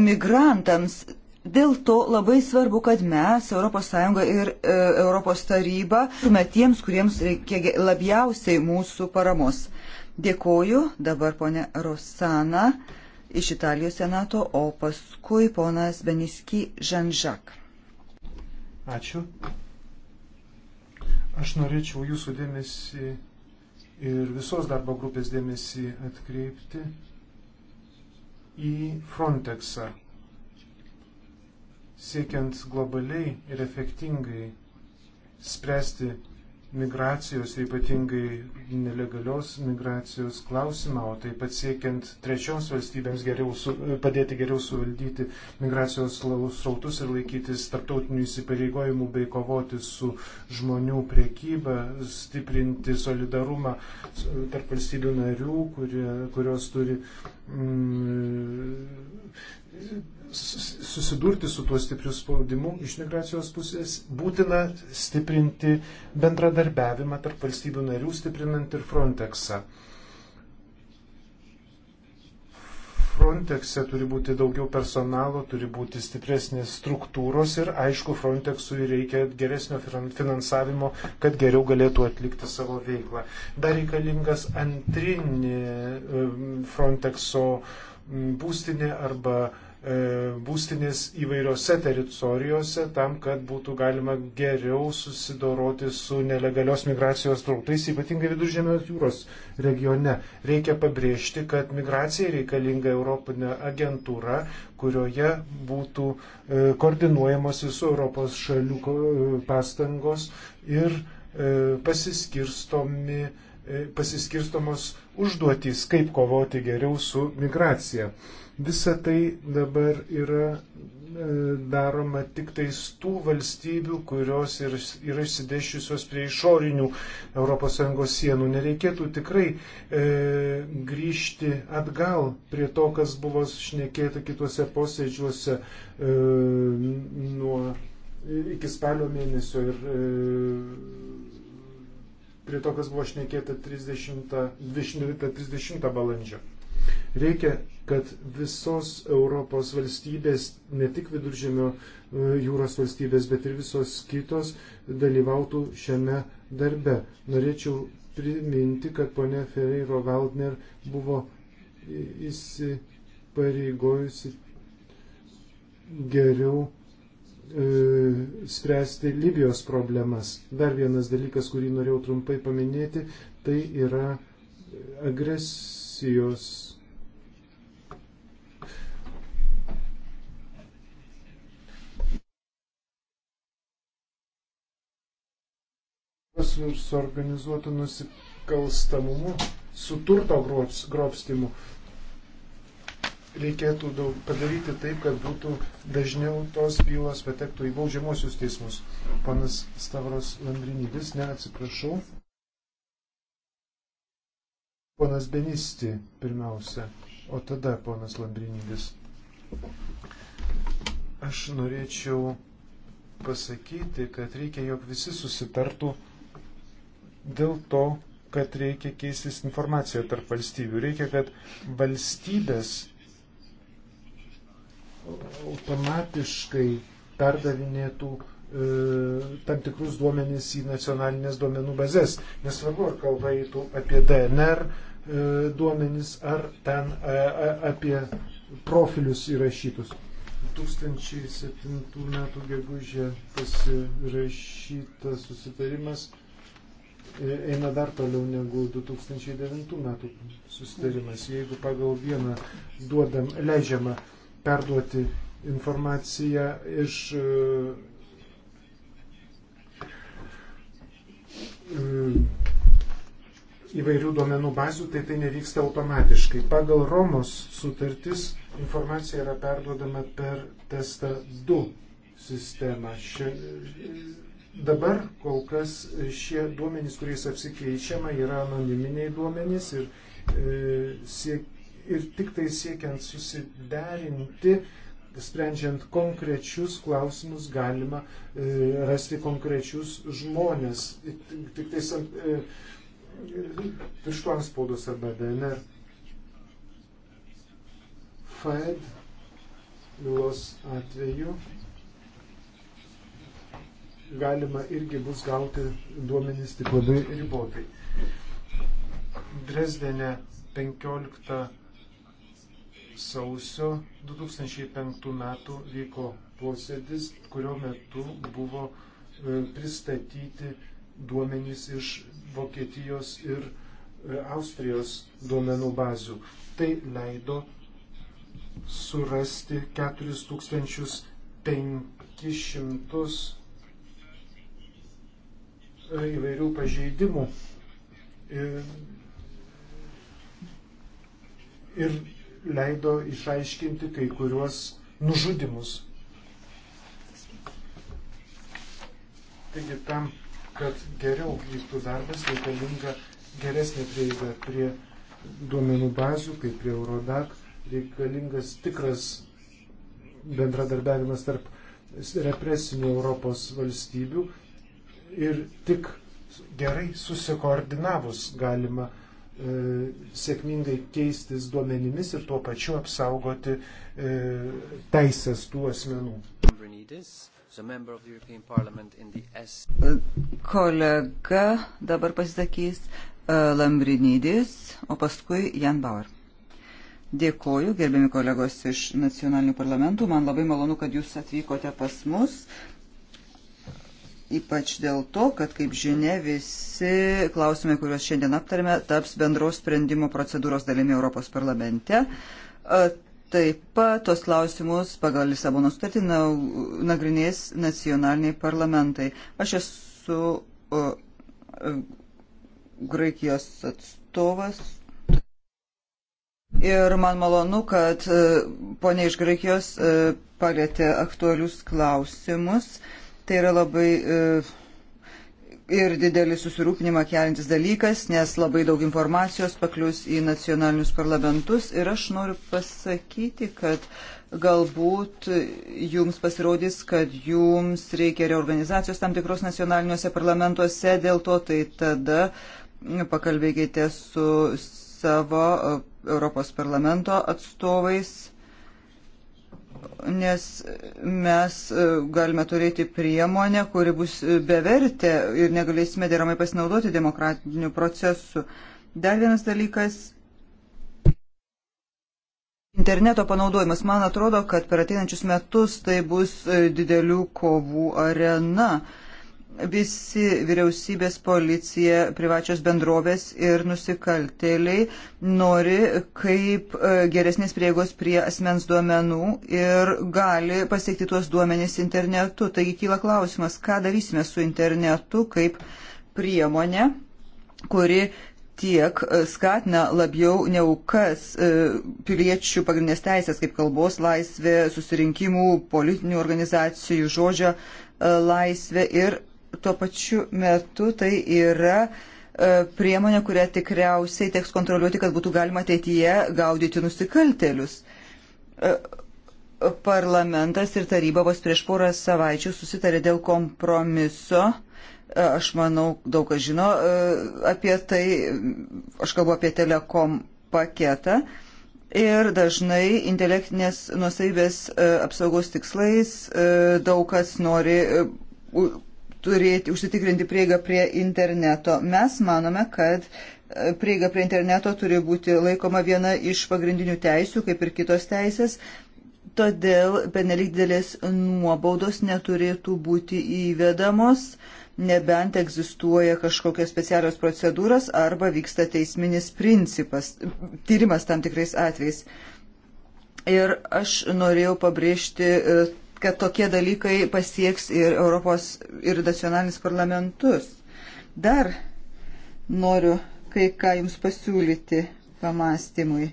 migrantams. Dėl to labai svarbu, kad mes, ES ir e, Europos taryba, turime tiems, kuriems reikia labiausiai mūsų paramos. Dėkoju dabar ponė Rosana iš Italijos senato, o paskui ponas Beniski Žanžak. Ačiū. Aš norėčiau jūsų dėmesį ir visos darbo grupės dėmesį atkreipti į Frontexą siekiant globaliai ir efektingai spręsti migracijos ir ypatingai nelegalios migracijos klausimą, o taip pat siekiant trečioms valstybėms geriau su, padėti geriau suvaldyti migracijos srautus ir laikytis tarptautinių įsipareigojimų bei kovoti su žmonių priekyba, stiprinti solidarumą tarp valstybių narių, kurie, kurios turi mm, susidurti su tuo stipriu spaudimu iš migracijos pusės, būtina stiprinti bendradarbiavimą tarp valstybių narių, stiprinant ir Frontexą. Frontexe turi būti daugiau personalo, turi būti stipresnės struktūros ir aišku, Frontexui reikia geresnio finansavimo, kad geriau galėtų atlikti savo veiklą. Dar reikalingas antrinį Frontexo uh, Mm, būstinė arba e, būstinės įvairiose teritorijose tam, kad būtų galima geriau susidoroti su nelegalios migracijos trautais, ypatingai viduržėmio jūros regione. Reikia pabrėžti, kad migracija reikalinga Europinė agentūra, kurioje būtų e, koordinuojamos visų Europos šalių e, pastangos ir pasiskirstomi pasiskirstomos užduotys, kaip kovoti geriau su migracija. Visa tai dabar yra e, daroma tik tais tų valstybių, kurios yra išsidėšiusios prie išorinių ES sienų. Nereikėtų tikrai e, grįžti atgal prie to, kas buvo šnekėta kituose posėdžiuose e, nuo iki spalio mėnesio ir e, prie to, kas buvo šnekėta 30, 29-30 balandžio. Reikia, kad visos Europos valstybės, ne tik viduržėmio e, jūros valstybės, bet ir visos kitos dalyvautų šiame darbe. Norėčiau priminti, kad ponė Ferreiro Waldner buvo įsipareigojusi geriau E, spręsti Libijos problemas. Dar vienas dalykas, kurį norėjau trumpai paminėti, tai yra agresijos. su organizuotu nusikalstamumu, su turto grobstimu. Grops, reikėtų daug, padaryti taip, kad būtų dažniau tos bylos patektų į baudžiamosius teismus. Panas Stavros Landrinydis, neatsiprašau. Ponas Benisti pirmiausia, o tada ponas Landrinydis. Aš norėčiau pasakyti, kad reikia, jog visi susitartų dėl to, kad reikia keistis informaciją tarp valstybių. Reikia, kad valstybės automatiškai perdavinėtų e, tam tikrus duomenys į nacionalinės duomenų bazės. Nesvarbu, ar kalba eitų apie DNR e, duomenys, ar ten e, apie profilius įrašytus. 2007 m. gegužė pasirašytas susitarimas eina dar toliau negu 2009 m. susitarimas. Jeigu pagal vieną duodam leidžiamą perduoti informaciją iš e, įvairių duomenų bazių, tai tai nevyksta automatiškai. Pagal Romos sutartis informacija yra perduodama per testą 2 sistemą. Šia, dabar kol kas šie duomenys, kuriais apsikeičiama, yra anoniminiai duomenys ir e, siek, ir tik tai siekiant susiderinti, sprendžiant konkrečius klausimus, galima e, rasti konkrečius žmonės. Tik tais ant e, pirštų anspaudos arba DNR. FED bylos atveju galima irgi bus gauti duomenys tik labai ribotai. Dresdene 15 sausio 2005 metų vyko posėdis, kurio metu buvo e, pristatyti duomenys iš Vokietijos ir e, Austrijos duomenų bazių. Tai leido surasti 4500 e, įvairių pažeidimų. Ir, ir leido išaiškinti kai kuriuos nužudimus. Taigi tam, kad geriau vyktų darbas, reikalinga geresnė prieiga prie duomenų bazių, kaip prie Eurodac, reikalingas tikras bendradarbiavimas tarp represinių Europos valstybių ir tik gerai susikoordinavus galima uh, E, sėkmingai keistis duomenimis ir tuo pačiu apsaugoti e, teisės tų asmenų. Kolega dabar pasisakys e, Lambrinidis, o paskui Jan Bauer. Dėkoju, gerbiami kolegos iš nacionalinių parlamentų. Man labai malonu, kad jūs atvykote pas mus. Ypač dėl to, kad, kaip žinia, visi klausimai, kuriuos šiandien aptarėme, taps bendros sprendimo procedūros dalimi Europos parlamente. Taip pat tos klausimus pagal Lisabono sutartį nagrinės nacionaliniai parlamentai. Aš esu Graikijos atstovas. Ir man malonu, kad ponia iš Graikijos palėtė aktualius klausimus. Uh, Tai yra labai e, ir didelį susirūpinimą keliantis dalykas, nes labai daug informacijos paklius į nacionalinius parlamentus. Ir aš noriu pasakyti, kad galbūt jums pasirodys, kad jums reikia reorganizacijos tam tikros nacionaliniuose parlamentuose, dėl to tai tada pakalbėkite su savo e, Europos parlamento atstovais nes mes e, galime turėti priemonę, kuri bus bevertė ir negalėsime deramai pasinaudoti demokratiniu procesu. Dar vienas dalykas - interneto panaudojimas. Man atrodo, kad per ateinančius metus tai bus e, didelių kovų arena visi vyriausybės policija, privačios bendrovės ir nusikaltėliai nori kaip e, geresnės prieigos prie asmens duomenų ir gali pasiekti tuos duomenys internetu. Taigi kyla klausimas, ką darysime su internetu kaip priemonė, kuri tiek e, skatina labiau neaukas e, piliečių pagrindinės teisės, kaip kalbos laisvė, susirinkimų, politinių organizacijų, žodžio laisvė ir tuo pačiu metu tai yra e, priemonė, kurią tikriausiai teks kontroliuoti, kad būtų galima ateityje gaudyti nusikaltelius. E, Parlamentas ir taryba vos prieš porą savaičių susitarė dėl kompromiso. E, aš manau, daug kas žino apie tai. Aš kalbu apie telekom paketą. Ir dažnai intelektinės nusaibės apsaugos tikslais daug kas nori turėti, užsitikrinti prieigą prie interneto. Mes manome, kad e, prieiga prie interneto turi būti laikoma viena iš pagrindinių teisių, kaip ir kitos teisės. Todėl penelik didelės nuobaudos neturėtų būti įvedamos, nebent egzistuoja kažkokios specialios procedūros arba vyksta teisminis principas, tyrimas tam tikrais atvejais. Ir aš norėjau pabrėžti e, kad tokie dalykai pasieks ir Europos ir nacionalinis parlamentus. Dar noriu kai ką jums pasiūlyti pamastymui. E,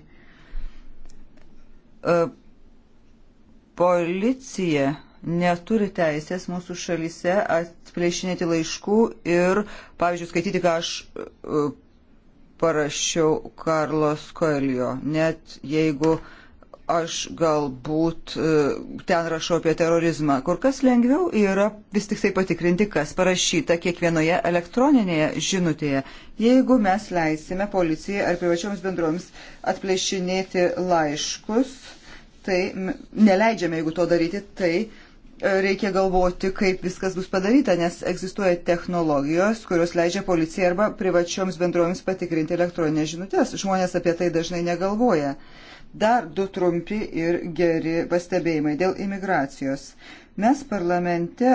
policija neturi teisės mūsų šalyse atplėšinėti laiškų ir, pavyzdžiui, skaityti, ką aš e, parašiau Karlos Koelio, net jeigu uh, aš galbūt e, ten rašau apie terorizmą. Kur kas lengviau yra vis tik tai patikrinti, kas parašyta kiekvienoje elektroninėje žinutėje. Jeigu mes leisime policijai ar privačioms bendroms atplėšinėti laiškus, tai neleidžiame, jeigu to daryti, tai e, reikia galvoti, kaip viskas bus padaryta, nes egzistuoja technologijos, kurios leidžia policijai arba privačioms bendrovėms patikrinti elektroninės žinutės. Žmonės apie tai dažnai negalvoja. Uh, Dar du trumpi ir geri pastebėjimai dėl imigracijos. Mes parlamente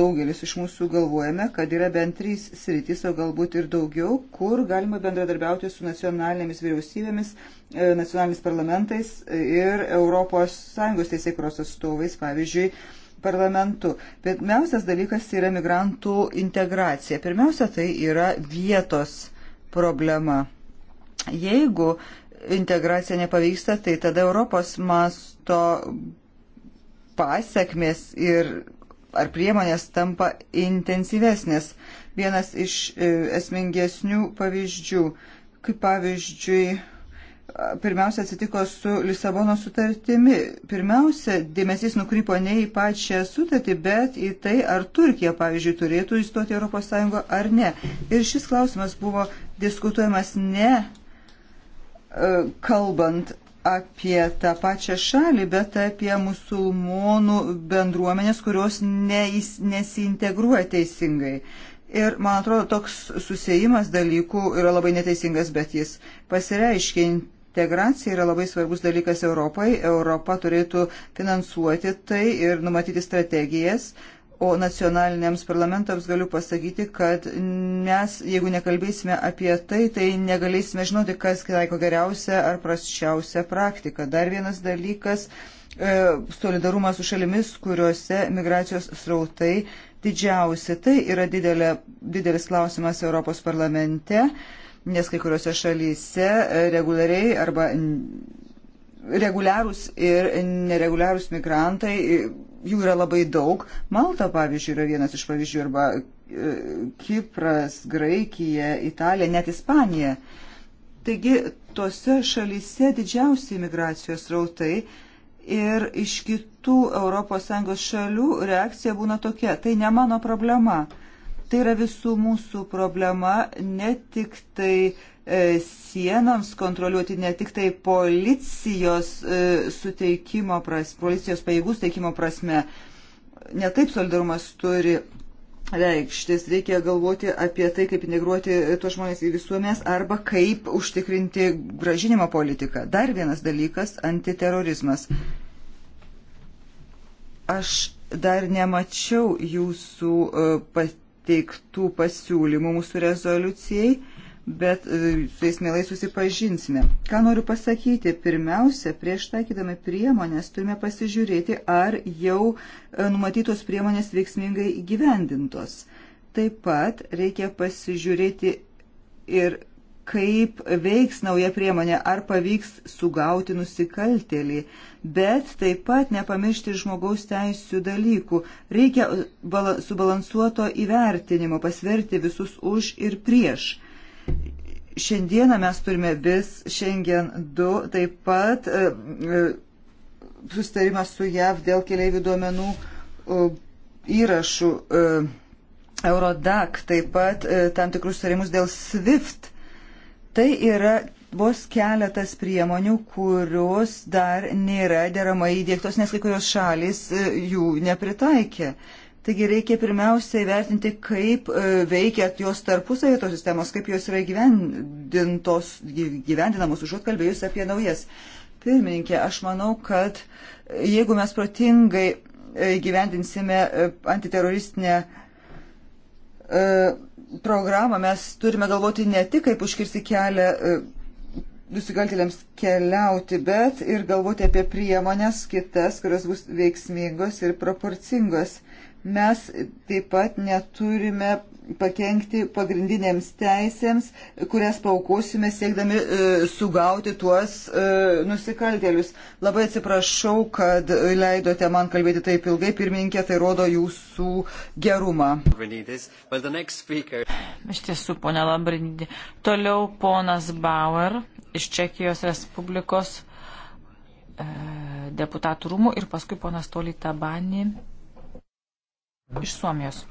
daugelis iš mūsų galvojame, kad yra bent trys sritys, o galbūt ir daugiau, kur galima bendradarbiauti su nacionalinėmis vyriausybėmis, e, nacionaliniais parlamentais ir ES teisėkros atstovais, pavyzdžiui, parlamentu. Pirmiausias dalykas yra migrantų integracija. Pirmiausia, tai yra vietos problema. Jeigu integracija nepavyksta, tai tada Europos masto pasiekmės ir ar priemonės tampa intensyvesnės. Vienas iš e, esmingesnių pavyzdžių, kaip pavyzdžiui, pirmiausia atsitiko su Lisabono sutartimi. Pirmiausia, dėmesys nukrypo ne į pačią sutartį, bet į tai, ar Turkija, pavyzdžiui, turėtų įstoti ES ar ne. Ir šis klausimas buvo diskutuojamas ne E, kalbant apie tą pačią šalį, bet apie musulmonų bendruomenės, kurios neis, nesiintegruoja teisingai. Ir, man atrodo, toks susijimas dalykų yra labai neteisingas, bet jis pasireiškia. Integracija yra labai svarbus dalykas Europai. Europa turėtų finansuoti tai ir numatyti strategijas, uh, O nacionaliniams parlamentams galiu pasakyti, kad mes, jeigu nekalbėsime apie tai, tai negalėsime žinoti, kas taiko geriausią ar prasčiausią praktiką. Dar vienas dalykas e, - solidarumas su šalimis, kuriuose migracijos srautai didžiausi. Tai yra didelė, didelis klausimas Europos parlamente, nes kai kuriuose šalyse e, reguliariai arba reguliarūs ir nereguliarūs migrantai jų yra labai daug. Malta, pavyzdžiui, yra vienas iš pavyzdžių, arba e, Kipras, Graikija, Italija, net Ispanija. Taigi, tose šalyse didžiausi imigracijos rautai ir iš kitų ES šalių reakcija būna tokia, tai ne mano problema. Tai yra visų mūsų problema, ne tik tai e, sienoms kontroliuoti, ne tik tai policijos e, suteikimo prasme, policijos pajėgų suteikimo prasme. Ne taip solidarumas turi reikštis, reikia galvoti apie tai, kaip integruoti tuos žmonės į visuomės arba kaip užtikrinti gražinimo politiką. Dar vienas dalykas - antiterorizmas. Aš dar nemačiau jūsų e, pat pateiktų pasiūlymų mūsų rezoliucijai, bet e, su jais mielai susipažinsime. Ką noriu pasakyti? Pirmiausia, prieš taikydami priemonės turime pasižiūrėti, ar jau e, numatytos priemonės veiksmingai įgyvendintos. Taip pat reikia pasižiūrėti ir kaip veiks nauja priemonė, ar pavyks sugauti nusikaltėlį, bet taip pat nepamiršti žmogaus teisų dalykų. Reikia uh, subalansuoto įvertinimo, pasverti visus už ir prieš. Šiandieną mes turime vis, šiandien du, taip pat e, uh, e, uh, sustarimas su JAV dėl keliaivių duomenų e, įrašų. E, Eurodac, taip pat e, tam tikrus tarimus dėl SWIFT Tai yra vos keletas priemonių, kurios dar nėra deramai įdėktos, nes kai kurios šalis e, jų nepritaikė. Taigi reikia pirmiausia įvertinti, kaip e, veikia jos tarpusavio tos sistemos, kaip jos yra gyvendinamos, užuot kalbėjus apie naujas. Pirmininkė, aš manau, kad e, jeigu mes protingai gyvendinsime antiteroristinę programą mes turime galvoti ne tik, kaip užkirsti kelią e, nusikaltėliams keliauti, bet ir galvoti apie priemonės kitas, kurios bus veiksmingos ir proporcingos. Mes taip pat neturime pakengti pagrindinėms teisėms, kurias paukosime siekdami e, sugauti tuos e, nusikaltėlius. Labai atsiprašau, kad leidote man kalbėti taip ilgai, pirmininkė, tai rodo jūsų gerumą. Iš tiesų, ponia Lambrindė. Toliau ponas Bauer iš Čekijos Respublikos e, deputatų rūmų ir paskui ponas Tolita Bani iš Suomijos.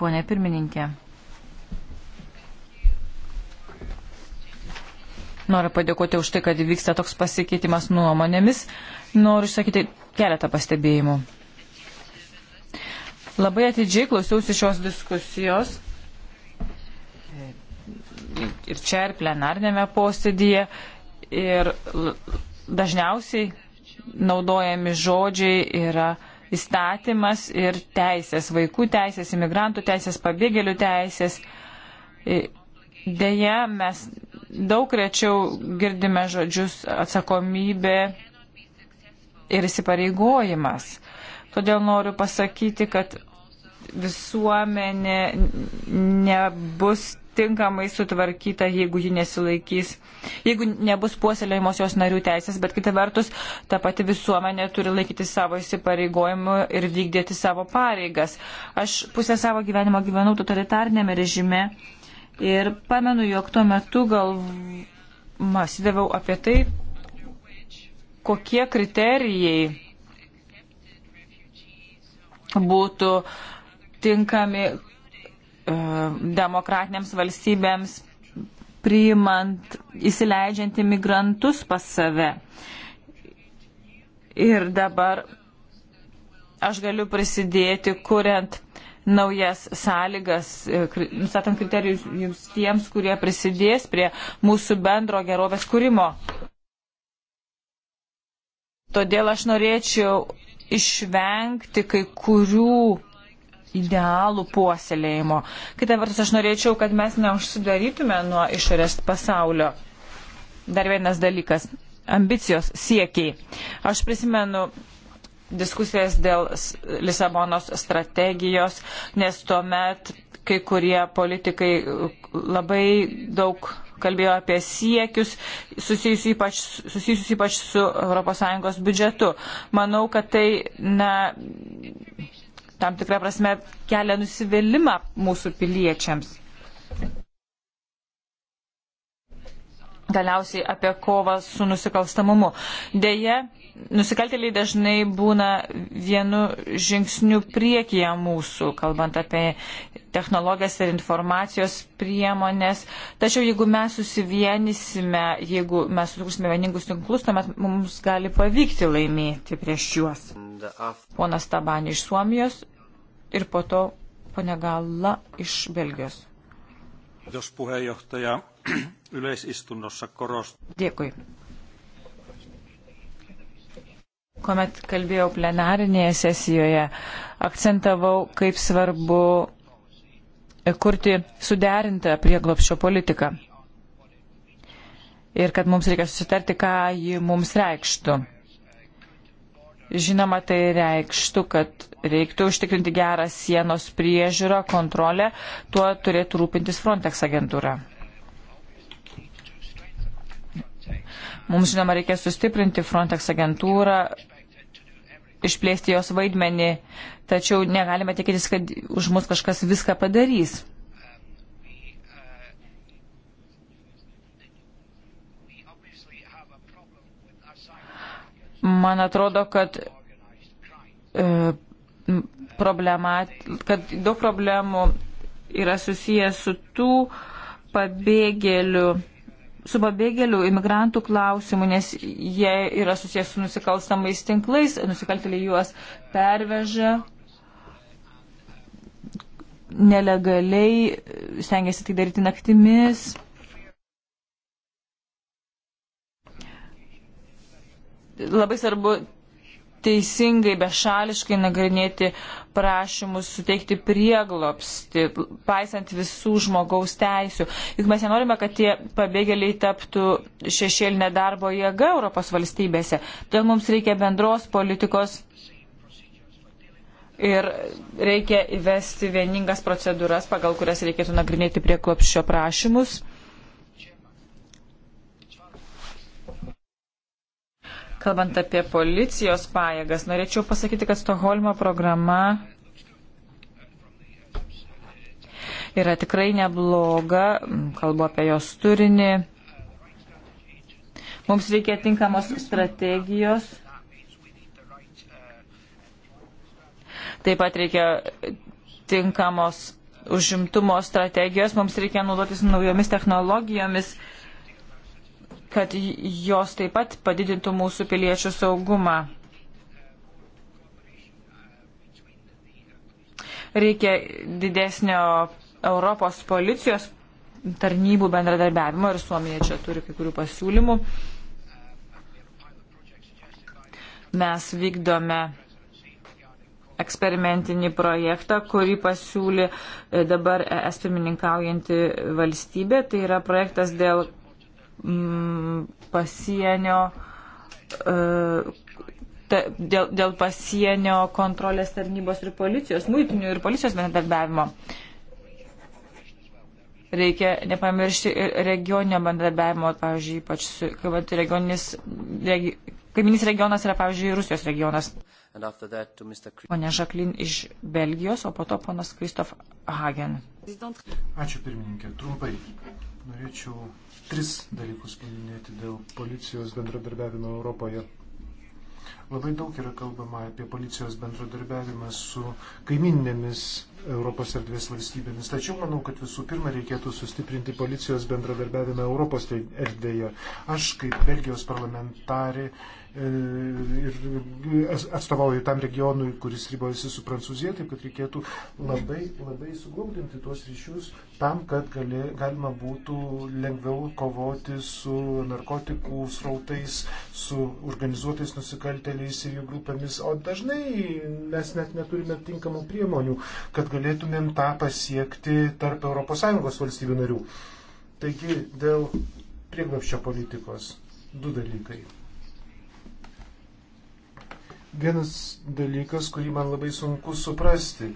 Pone pirmininkė, noriu padėkoti už tai, kad vyksta toks pasikeitimas nuomonėmis. Noriu išsakyti keletą pastebėjimų. Labai atidžiai klausiausi šios diskusijos ir čia, ir plenarnėme posėdėje. Ir dažniausiai naudojami žodžiai yra įstatymas ir teisės, vaikų teisės, imigrantų teisės, pabėgėlių teisės. Deja, mes daug rečiau girdime žodžius atsakomybė ir įsipareigojimas. Todėl noriu pasakyti, kad visuomenė nebus tinkamai sutvarkyta, jeigu ji nesilaikys, jeigu nebus puoselėjimos jos narių teisės, bet kita vertus, ta pati visuomenė turi laikyti savo įsipareigojimų ir vykdyti savo pareigas. Aš pusę savo gyvenimo gyvenau totalitarnėme režime ir pamenu, jog tuo metu gal mąstydavau apie tai, kokie kriterijai būtų tinkami E, demokratinėms valstybėms priimant, įsileidžiant imigrantus pas save. Ir dabar aš galiu prisidėti, kuriant naujas sąlygas, e, nustatant kriterijus jums tiems, kurie prisidės prie mūsų bendro gerovės kūrimo. Todėl aš norėčiau išvengti kai kurių idealų puoselėjimo. Kita vertus, aš norėčiau, kad mes neužsidarytume nuo išorės pasaulio. Dar vienas dalykas - ambicijos siekiai. Aš prisimenu diskusijas dėl Lisabonos strategijos, nes tuomet kai kurie politikai uh, labai daug kalbėjo apie siekius susijusius ypač, susijusius ypač su ES biudžetu. Manau, kad tai na, tam tikrą prasme kelia nusivylimą mūsų piliečiams. galiausiai apie kovą su nusikalstamumu. Deja, nusikaltėliai dažnai būna vienu žingsniu priekyje mūsų, kalbant apie technologijas ir informacijos priemonės. Tačiau jeigu mes susivienysime, jeigu mes sukursime vieningus tinklus, tuomet mums gali pavykti laimėti prieš juos. Ponas Tabanė iš Suomijos ir po to ponegala iš Belgijos. Jos puheenjohtaja, yleisistunnossa korostuu. Dėkui. Komet kalbėjau plenarinėje sesijoje, akcentavau, kaip svarbu kurti suderintą prieglopščio politiką. Ir kad mums reikia susitarti, ką ji mums reikštų. Žinoma, tai reikštų, kad reiktų užtikrinti gerą sienos priežiūrą, kontrolę, tuo turėtų rūpintis Frontex agentūra. Mums žinoma reikia sustiprinti Frontex agentūrą, išplėsti jos vaidmenį, tačiau negalime tikėtis, kad už mus kažkas viską padarys. Man atrodo, kad, e, problema, kad daug problemų yra susijęs su tų pabėgėlių su pabėgėlių imigrantų klausimu, nes jie yra susijęs su nusikalstamais tinklais, nusikaltėliai juos perveža nelegaliai, stengiasi tai daryti naktimis. Labai svarbu teisingai, bešališkai nagrinėti prašymus suteikti prieglopsti, paisant visų žmogaus teisių. Juk mes nenorime, kad tie pabėgėliai taptų šešėlinė darbo jėga Europos valstybėse. Todėl mums reikia bendros politikos ir reikia įvesti vieningas procedūras, pagal kurias reikėtų nagrinėti prieglopščio prašymus. Kalbant apie policijos pajėgas, norėčiau pasakyti, kad Stoholmo programa yra tikrai nebloga, kalbu apie jos turinį. Mums reikia tinkamos strategijos. Taip pat reikia tinkamos užimtumo strategijos, mums reikia naudotis naujomis technologijomis. Uh, kad jos taip pat padidintų mūsų piliečių saugumą. Reikia didesnio Europos policijos tarnybų bendradarbiavimo ir Suomija čia turi kai kurių pasiūlymų. Mes vykdome eksperimentinį projektą, kurį pasiūlė dabar es pirmininkaujanti valstybė. Tai yra projektas dėl Mm, pasienio e, ta, dėl, dėl pasienio kontrolės tarnybos ir policijos, muitinių ir policijos bendradarbiavimo. Reikia nepamiršti regioninio bendradarbiavimo, pavyzdžiui, ypač, kalbant, regioninis, regi, kaiminis regionas yra, pavyzdžiui, Rusijos regionas. Pone Žaklin iš Belgijos, o po to ponas Kristof Hagen. Ačiū pirmininkė. Trumpai norėčiau tris dalykus paminėti dėl policijos bendradarbiavimo Europoje. Labai daug yra kalbama apie policijos bendradarbiavimą su kaiminėmis Europos erdvės valstybėmis. Tačiau manau, kad visų pirma reikėtų sustiprinti policijos bendradarbiavimą Europos erdvėje. Aš kaip Belgijos parlamentarė E, ir atstovauju tam regionui, kuris ribojasi su Prancūzija, taip kad reikėtų labai, labai suglumdinti tuos ryšius tam, kad gali, galima būtų lengviau kovoti su narkotikų srautais, su organizuotais nusikalteliais ir jų grupėmis, o dažnai mes net neturime tinkamų priemonių, kad galėtumėm tą pasiekti tarp ES valstybių narių. Taigi dėl prieglapščio politikos du dalykai vienas dalykas, kurį man labai sunku suprasti.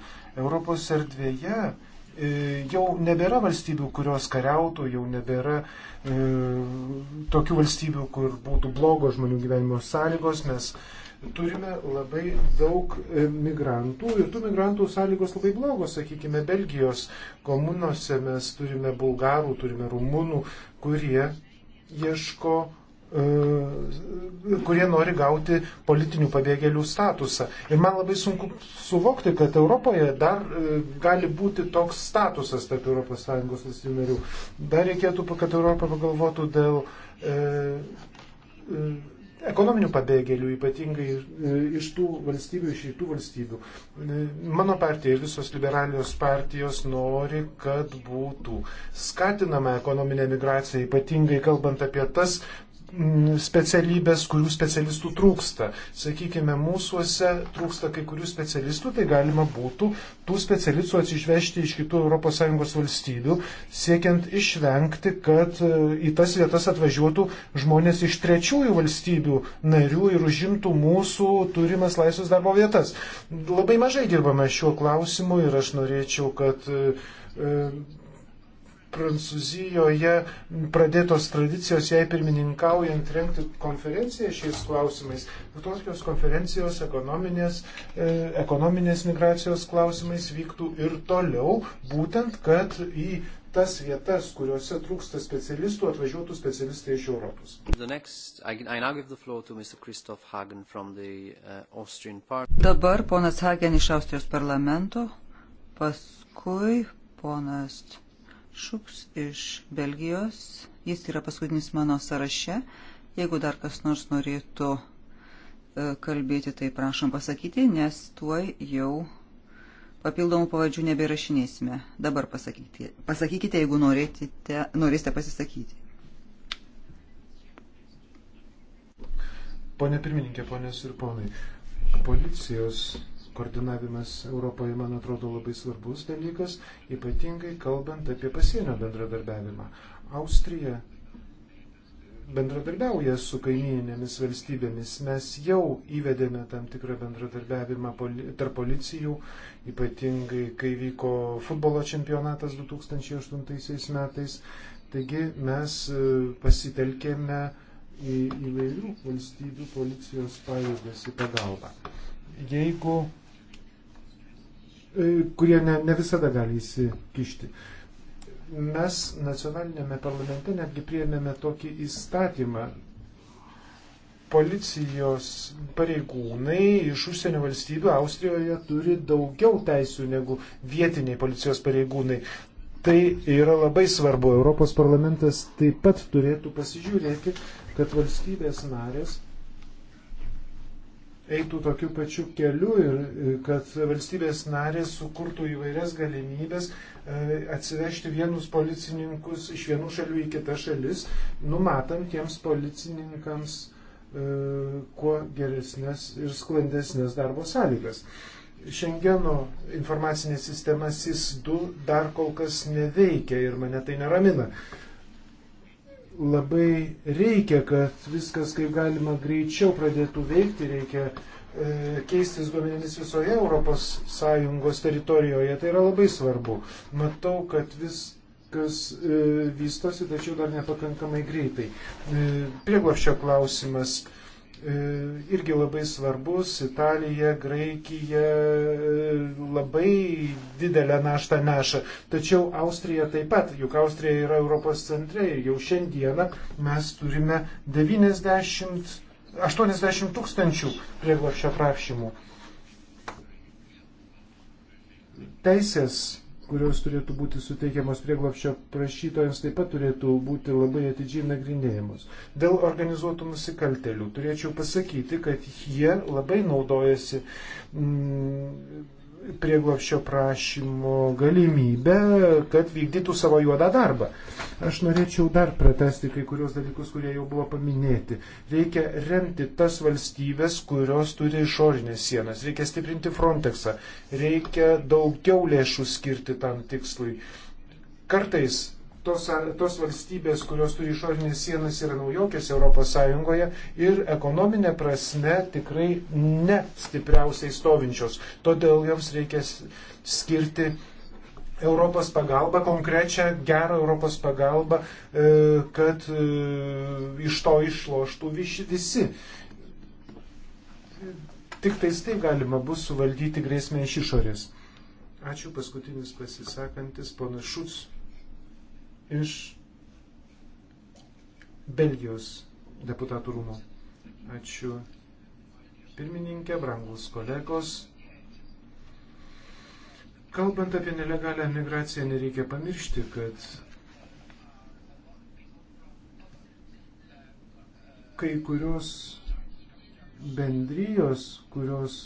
Europos erdvėje e, jau nebėra valstybių, kurios kariautų, jau nebėra e, tokių valstybių, kur būtų blogo žmonių gyvenimo sąlygos. Mes turime labai daug e, migrantų ir tų migrantų sąlygos labai blogos, sakykime, Belgijos komunose mes turime bulgarų, turime rumunų, kurie ieško E, kurie nori gauti politinių pabėgėlių statusą. Ir man labai sunku suvokti, kad Europoje dar e, gali būti toks statusas tarp ES valstybių narių. Dar reikėtų, kad Europa pagalvotų dėl e, e, ekonominių pabėgėlių, ypatingai e, iš tų valstybių, iš rytų valstybių. Mano partija ir visos liberalios partijos nori, kad būtų skatinama ekonominė migracija, ypatingai kalbant apie tas Mm, specialybės, kurių specialistų trūksta. Sakykime, mūsųse trūksta kai kurių specialistų, tai galima būtų tų specialistų atsižvežti iš kitų ES valstybių, siekiant išvengti, kad e, į tas vietas atvažiuotų žmonės iš trečiųjų valstybių narių ir užimtų mūsų turimas laisvas darbo vietas. Labai mažai dirbame šiuo klausimu ir aš norėčiau, kad e, e, Prancūzijoje pradėtos tradicijos, jai pirmininkaujant rengti konferenciją šiais klausimais. Tokios konferencijos ekonominės, e, ekonominės migracijos klausimais vyktų ir toliau, būtent, kad į tas vietas, kuriuose trūksta specialistų, atvažiuotų specialistai iš Europos. Next, I, I the, uh, Dabar ponas Hagen iš Austrijos parlamento, paskui ponas. Šuks iš Belgijos. Jis yra paskutinis mano sąraše. Jeigu dar kas nors norėtų e, kalbėti, tai prašom pasakyti, nes tuoj jau papildomų pavadžių neberašinėsime. Dabar pasakykite, pasakykite jeigu norėtite, norėsite pasisakyti. Pone pirmininkė, ponės ir ponai, policijos Koordinavimas Europoje, man atrodo, labai svarbus dalykas, ypatingai kalbant apie pasienio bendradarbiavimą. Austrija bendradarbiauja su kaimininėmis valstybėmis. Mes jau įvedėme tam tikrą bendradarbiavimą tarp policijų, ypatingai kai vyko futbolo čempionatas 2008 metais. Taigi mes e, pasitelkėme į įvairių valstybių policijos pajėgas į pagalbą. Jeigu E, kurie ne, ne visada gali įsikišti. Mes nacionalinėme parlamente netgi priėmėme tokį įstatymą. Policijos pareigūnai iš užsienio valstybių Austrijoje turi daugiau teisų negu vietiniai policijos pareigūnai. Tai yra labai svarbu. Europos parlamentas taip pat turėtų pasižiūrėti, kad valstybės narės eitų tokiu pačiu keliu ir e, kad valstybės narės sukurtų įvairias galimybės e, atsivežti vienus policininkus iš vienų šalių į kitas šalis, numatant tiems policininkams e, kuo geresnės ir sklandesnės darbo sąlygas. Šengeno informacinė sistema SIS2 dar kol kas neveikia ir mane tai neramina labai reikia, kad viskas kaip galima greičiau pradėtų veikti, reikia e, keistis duomenimis visoje ES teritorijoje, tai yra labai svarbu. Matau, kad viskas e, vystosi, tačiau dar nepakankamai greitai. E, Prieglapščio klausimas. E, E, irgi labai svarbus. Italija, Graikija e, labai didelę naštą neša. Tačiau Austrija taip pat, juk Austrija yra Europos centre ir jau šiandieną mes turime 90, 80 tūkstančių prieglapšio prašymų. Teisės kurios turėtų būti suteikiamos prieglopščio prašytojams, taip pat turėtų būti labai atidžiai nagrinėjamos. Dėl organizuotų nusikaltelių turėčiau pasakyti, kad jie labai naudojasi mm, prieglopščio prašymo galimybę, kad vykdytų savo juodą darbą. Aš norėčiau dar pratesti kai kurios dalykus, kurie jau buvo paminėti. Reikia remti tas valstybės, kurios turi išorinės sienas. Reikia stiprinti Frontexą. Reikia daugiau lėšų skirti tam tikslui. Kartais tos, tos valstybės, kurios turi išorinės sienas, yra naujokės ES ir ekonominė prasme tikrai ne stipriausiai stovinčios. Todėl joms reikia skirti Europos pagalbą, konkrečią gerą Europos pagalbą, e, kad e, iš to išloštų visi. Tik tais tai galima bus suvaldyti grėsmę iš išorės. Ačiū paskutinis pasisakantis ponas Šuts iš Belgijos deputatų rūmų. Ačiū pirmininkė, brangus kolegos. Kalbant apie nelegalią migraciją, nereikia pamiršti, kad kai kurios bendrijos, kurios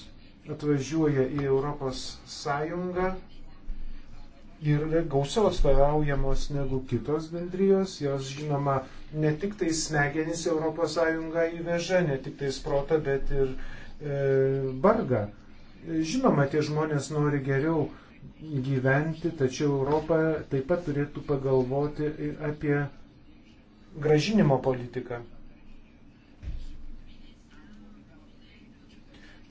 atvažiuoja į Europos Sąjungą, yra gausiau atstovaujamos negu kitos bendrijos. Jos, žinoma, ne tik tai smegenys ES įveža, ne tik tai protą, bet ir e, bargą. Žinoma, tie žmonės nori geriau gyventi, tačiau Europa taip pat turėtų pagalvoti ir apie gražinimo politiką.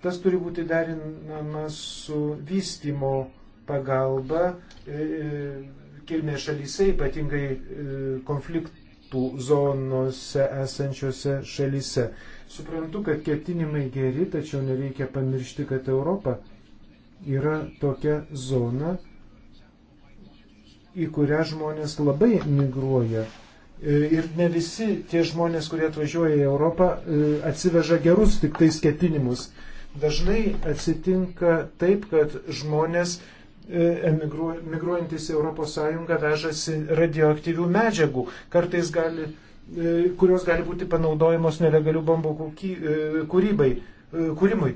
Tas turi būti derinamas su vystimo pagalba e, e, kilmės šalyse, ypatingai e, konfliktų zonose esančiose šalyse. Suprantu, kad ketinimai geri, tačiau nereikia pamiršti, kad Europa yra tokia zona, į kurią žmonės labai migruoja. Ir ne visi tie žmonės, kurie atvažiuoja į Europą, atsiveža gerus tik tais ketinimus. Dažnai atsitinka taip, kad žmonės E, migruojantis Europos Sąjungą vežasi radioaktyvių medžiagų. Kartais gali e, kurios gali būti panaudojamos nelegalių bombų e, kūrybai, kūrimui.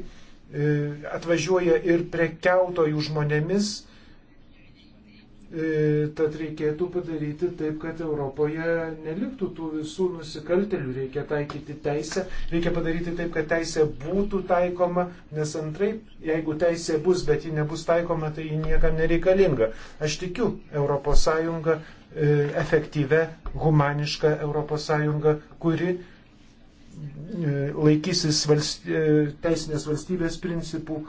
Atvažiuoja ir prekiautojų žmonėmis, E, tad reikėtų padaryti taip, kad Europoje neliktų tų visų nusikaltelių. Reikia taikyti teisę, reikia padaryti taip, kad teisė būtų taikoma, nes antraip, jeigu teisė bus, bet ji nebus taikoma, tai ji niekam nereikalinga. Aš tikiu ES e, efektyvę, humanišką ES, kuri e, laikysis valst... teisinės valstybės principų.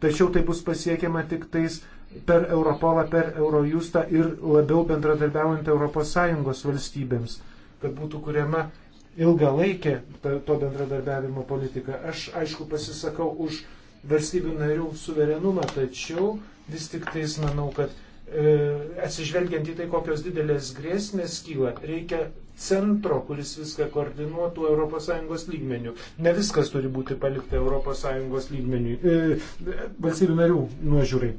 Tačiau tai bus pasiekiama tik tais per Europolą, per Eurojustą ir labiau bendradarbiaujant ES valstybėms, kad būtų kuriama ilgalaikė to bendradarbiavimo politika. Aš, aišku, pasisakau už valstybių narių suverenumą, tačiau vis tik tais manau, kad e, atsižvelgiant į tai, kokios didelės grėsmės kyla, reikia centro, kuris viską koordinuotų ES lygmenių. Ne viskas turi būti palikta ES lygmenių, e, valstybių narių nuožiūrai.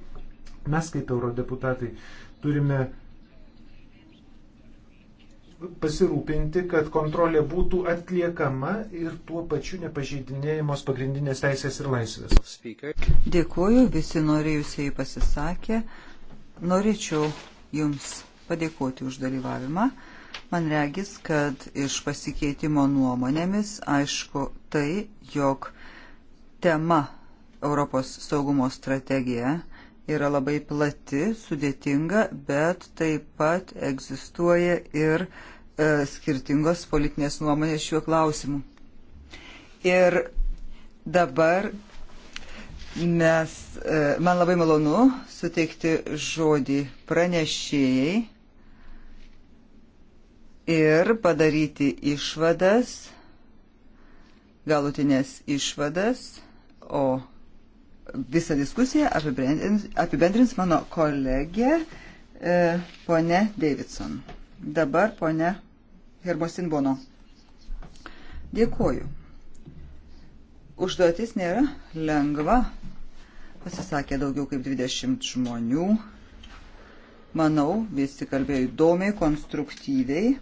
Mes kaip eurodeputatai turime pasirūpinti, kad kontrolė būtų atliekama ir tuo pačiu nepažeidinėjimos pagrindinės teisės ir laisvės. Dėkuoju, visi norėjusiai pasisakė. Norėčiau Jums padėkoti už dalyvavimą. Man regis, kad iš pasikeitimo nuomonėmis aišku tai, jog tema Europos saugumo strategija yra labai plati, sudėtinga, bet taip pat egzistuoja ir e, skirtingos politinės nuomonės šiuo klausimu. Ir dabar mes, e, man labai malonu suteikti žodį pranešėjai ir padaryti išvadas, galutinės išvadas, o visą diskusiją apibendrins, apibendrins mano kolegė e, ponė Davidson. Dabar ponė Hermosin Bono. Dėkuoju. Užduotis nėra lengva. Pasisakė daugiau kaip 20 žmonių. Manau, visi kalbėjo įdomiai, konstruktyviai,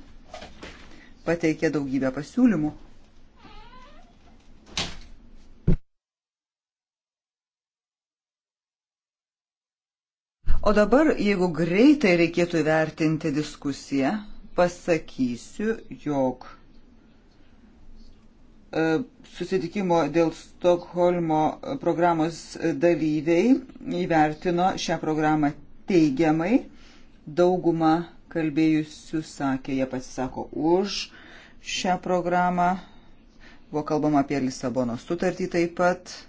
pateikė daugybę pasiūlymų. O dabar, jeigu greitai reikėtų vertinti diskusiją, pasakysiu, jog e, susitikimo dėl Stokholmo programos dalyviai įvertino šią programą teigiamai. Dauguma kalbėjusių sakė, jie pasisako už šią programą. Buvo kalbama apie Lisabono sutartį taip pat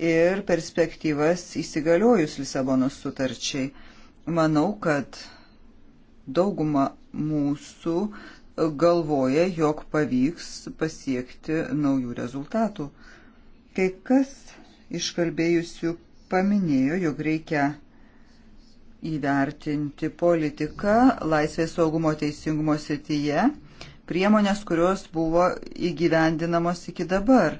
ir perspektyvas įsigaliojus Lisabonos sutarčiai. Manau, kad dauguma mūsų galvoja, jog pavyks pasiekti naujų rezultatų. Kai kas iškalbėjusių paminėjo, jog reikia įvertinti politiką laisvės saugumo teisingumo srityje, priemonės, kurios buvo įgyvendinamos iki dabar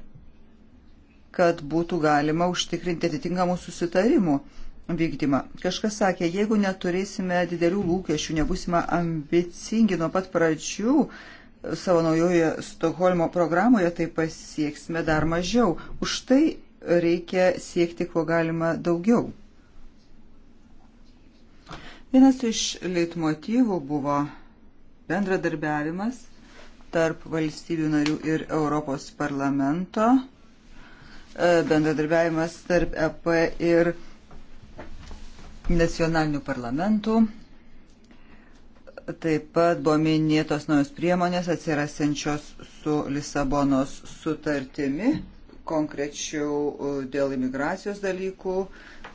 kad būtų galima užtikrinti atitinkamų susitarimų vykdymą. Kažkas sakė, jeigu neturėsime didelių lūkesčių, nebusime ambicingi nuo pat pradžių savo naujoje Stokholmo programoje, tai pasieksime dar mažiau. Už tai reikia siekti, ko galima daugiau. Vienas iš leitmotyvų buvo bendradarbiavimas tarp valstybių narių ir Europos parlamento E, bendradarbiavimas tarp EP ir nacionalinių parlamentų. Taip pat buvo minėtos naujos priemonės atsirasančios su Lisabonos sutartimi, konkrečiau e, dėl imigracijos dalykų.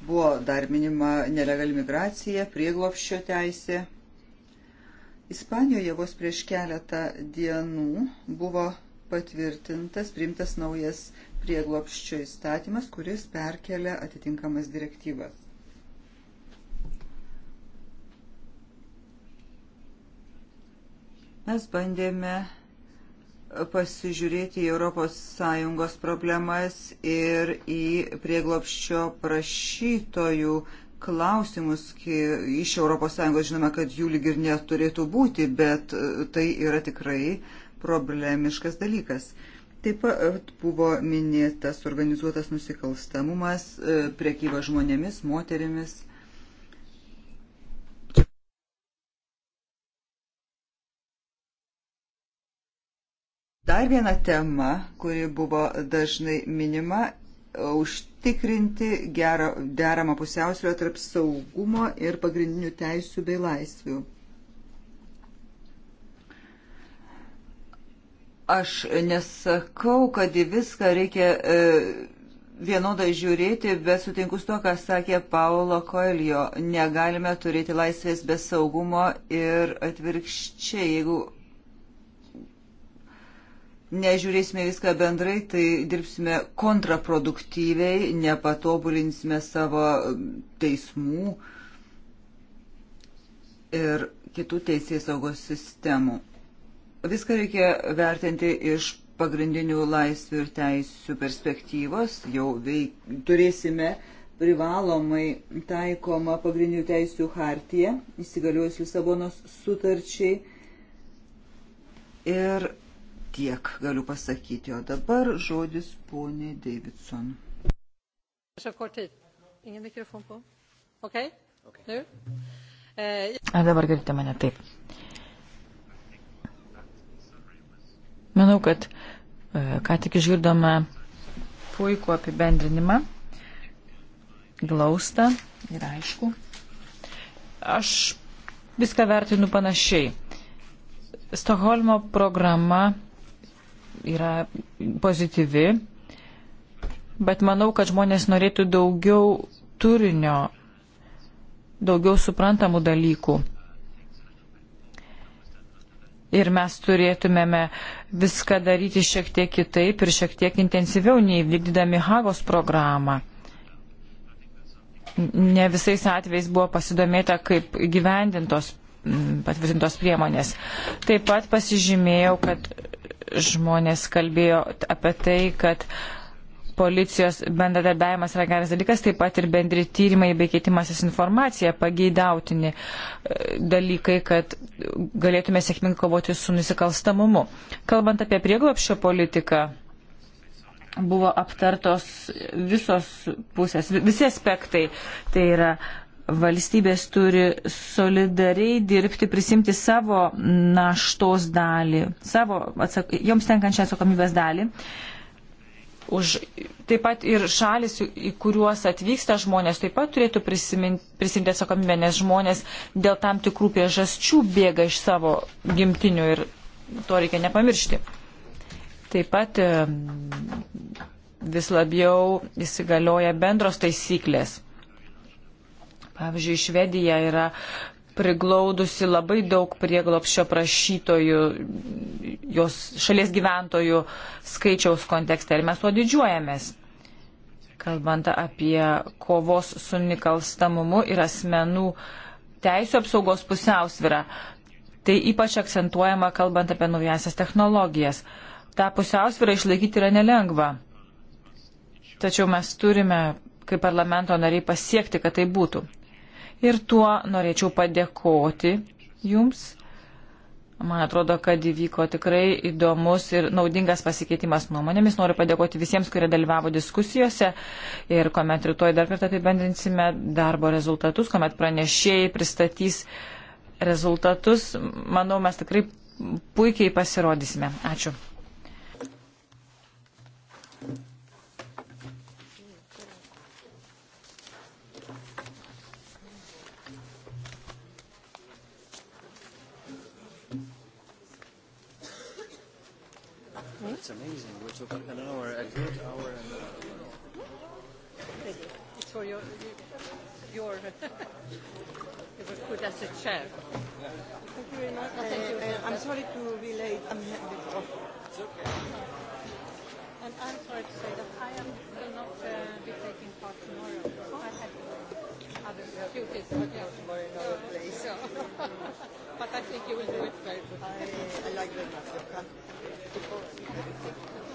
Buvo dar minima nelegali migracija, prieglopščio teisė. Ispanijoje vos prieš keletą dienų buvo patvirtintas, priimtas naujas prieglopščio įstatymas, kuris perkelia atitinkamas direktyvas. Mes bandėme pasižiūrėti į ES problemas ir į prieglopščio prašytojų klausimus iš ES. Žinoma, kad jų lyg ir neturėtų būti, bet tai yra tikrai problemiškas dalykas. Taip pat buvo minėtas organizuotas nusikalstamumas, e, priekyba žmonėmis, moterimis. Dar viena tema, kuri buvo dažnai minima e, - užtikrinti gerą, deramą pusiausvę tarp saugumo ir pagrindinių teisų bei laisvių. Aš nesakau, kad į viską reikia e, vienodai žiūrėti, bet sutinku su to, ką sakė Paulo Koelio. Negalime turėti laisvės be saugumo ir atvirkščiai. Jeigu nežiūrėsime viską bendrai, tai dirbsime kontraproduktyviai, nepatobulinsime savo teismų ir kitų teisės saugos sistemų. Viską reikia vertinti iš pagrindinių laisvių ir teisių perspektyvos. Jau veik, turėsime privalomai taikoma pagrindinių teisių hartija, įsigaliojus Lisabonos sutarčiai. Ir tiek galiu pasakyti. O dabar žodis ponė Davidson. Ar nu? eh, dabar girdite mane taip? Manau, kad e, ką tik išgirdome puikų apibendrinimą, glaustą ir aišku. Aš viską vertinu panašiai. Stokholmo programa yra pozityvi, bet manau, kad žmonės norėtų daugiau turinio, daugiau suprantamų dalykų ir mes turėtumėme viską daryti šiek tiek kitaip ir šiek tiek intensyviau nei vykdydami Hagos programą. Ne visais atvejais buvo pasidomėta, kaip gyvendintos patvirtintos priemonės. Taip pat pasižymėjau, kad žmonės kalbėjo apie tai, kad uh, policijos bendradarbiavimas yra geras dalykas, taip pat ir bendri tyrimai bei keitimasis informacija pageidautini e, dalykai, kad galėtume sėkmingai kovoti su nusikalstamumu. Kalbant apie prieglapščio politiką, buvo aptartos visos pusės, visi aspektai. Tai yra valstybės turi solidariai dirbti, prisimti savo naštos dalį, savo atsak... joms tenkančią atsakomybės dalį. Uh, už taip pat ir šalis, į kuriuos atvyksta žmonės, taip pat turėtų prisimti atsakomybę, nes žmonės dėl tam tikrų priežasčių bėga iš savo gimtinių ir to reikia nepamiršti. Taip pat vis labiau įsigalioja bendros taisyklės. Pavyzdžiui, Švedija yra priglaudusi labai daug prieglopščio prašytojų, jos šalies gyventojų skaičiaus kontekste ir mes tuo didžiuojamės. Kalbant apie kovos su nikalstamumu ir asmenų teisų apsaugos pusiausvirą, tai ypač akcentuojama kalbant apie naujasias technologijas. Ta pusiausvirą išlaikyti yra nelengva. Tačiau mes turime, kaip parlamento nariai, pasiekti, kad tai būtų ir tuo norėčiau padėkoti jums. Man atrodo, kad įvyko tikrai įdomus ir naudingas pasikeitimas nuomonėmis. Noriu padėkoti visiems, kurie dalyvavo diskusijose ir kuomet rytoj dar kartą apibendrinsime darbo rezultatus, kuomet pranešėjai pristatys rezultatus, manau, mes tikrai puikiai pasirodysime. Ačiū. we took an hour, a good hour and a half. It's for your, your, you were put as a chair. Yeah. Thank you very much. Uh, Thank you. Uh, uh, I'm sorry to be late. I'm oh. It's okay. And I'm sorry to say that I am will not uh, be taking part tomorrow. Oh. I had other duties. But yeah. tomorrow in other place. So. [LAUGHS] but I think you will do it very good. I, I like very much. Because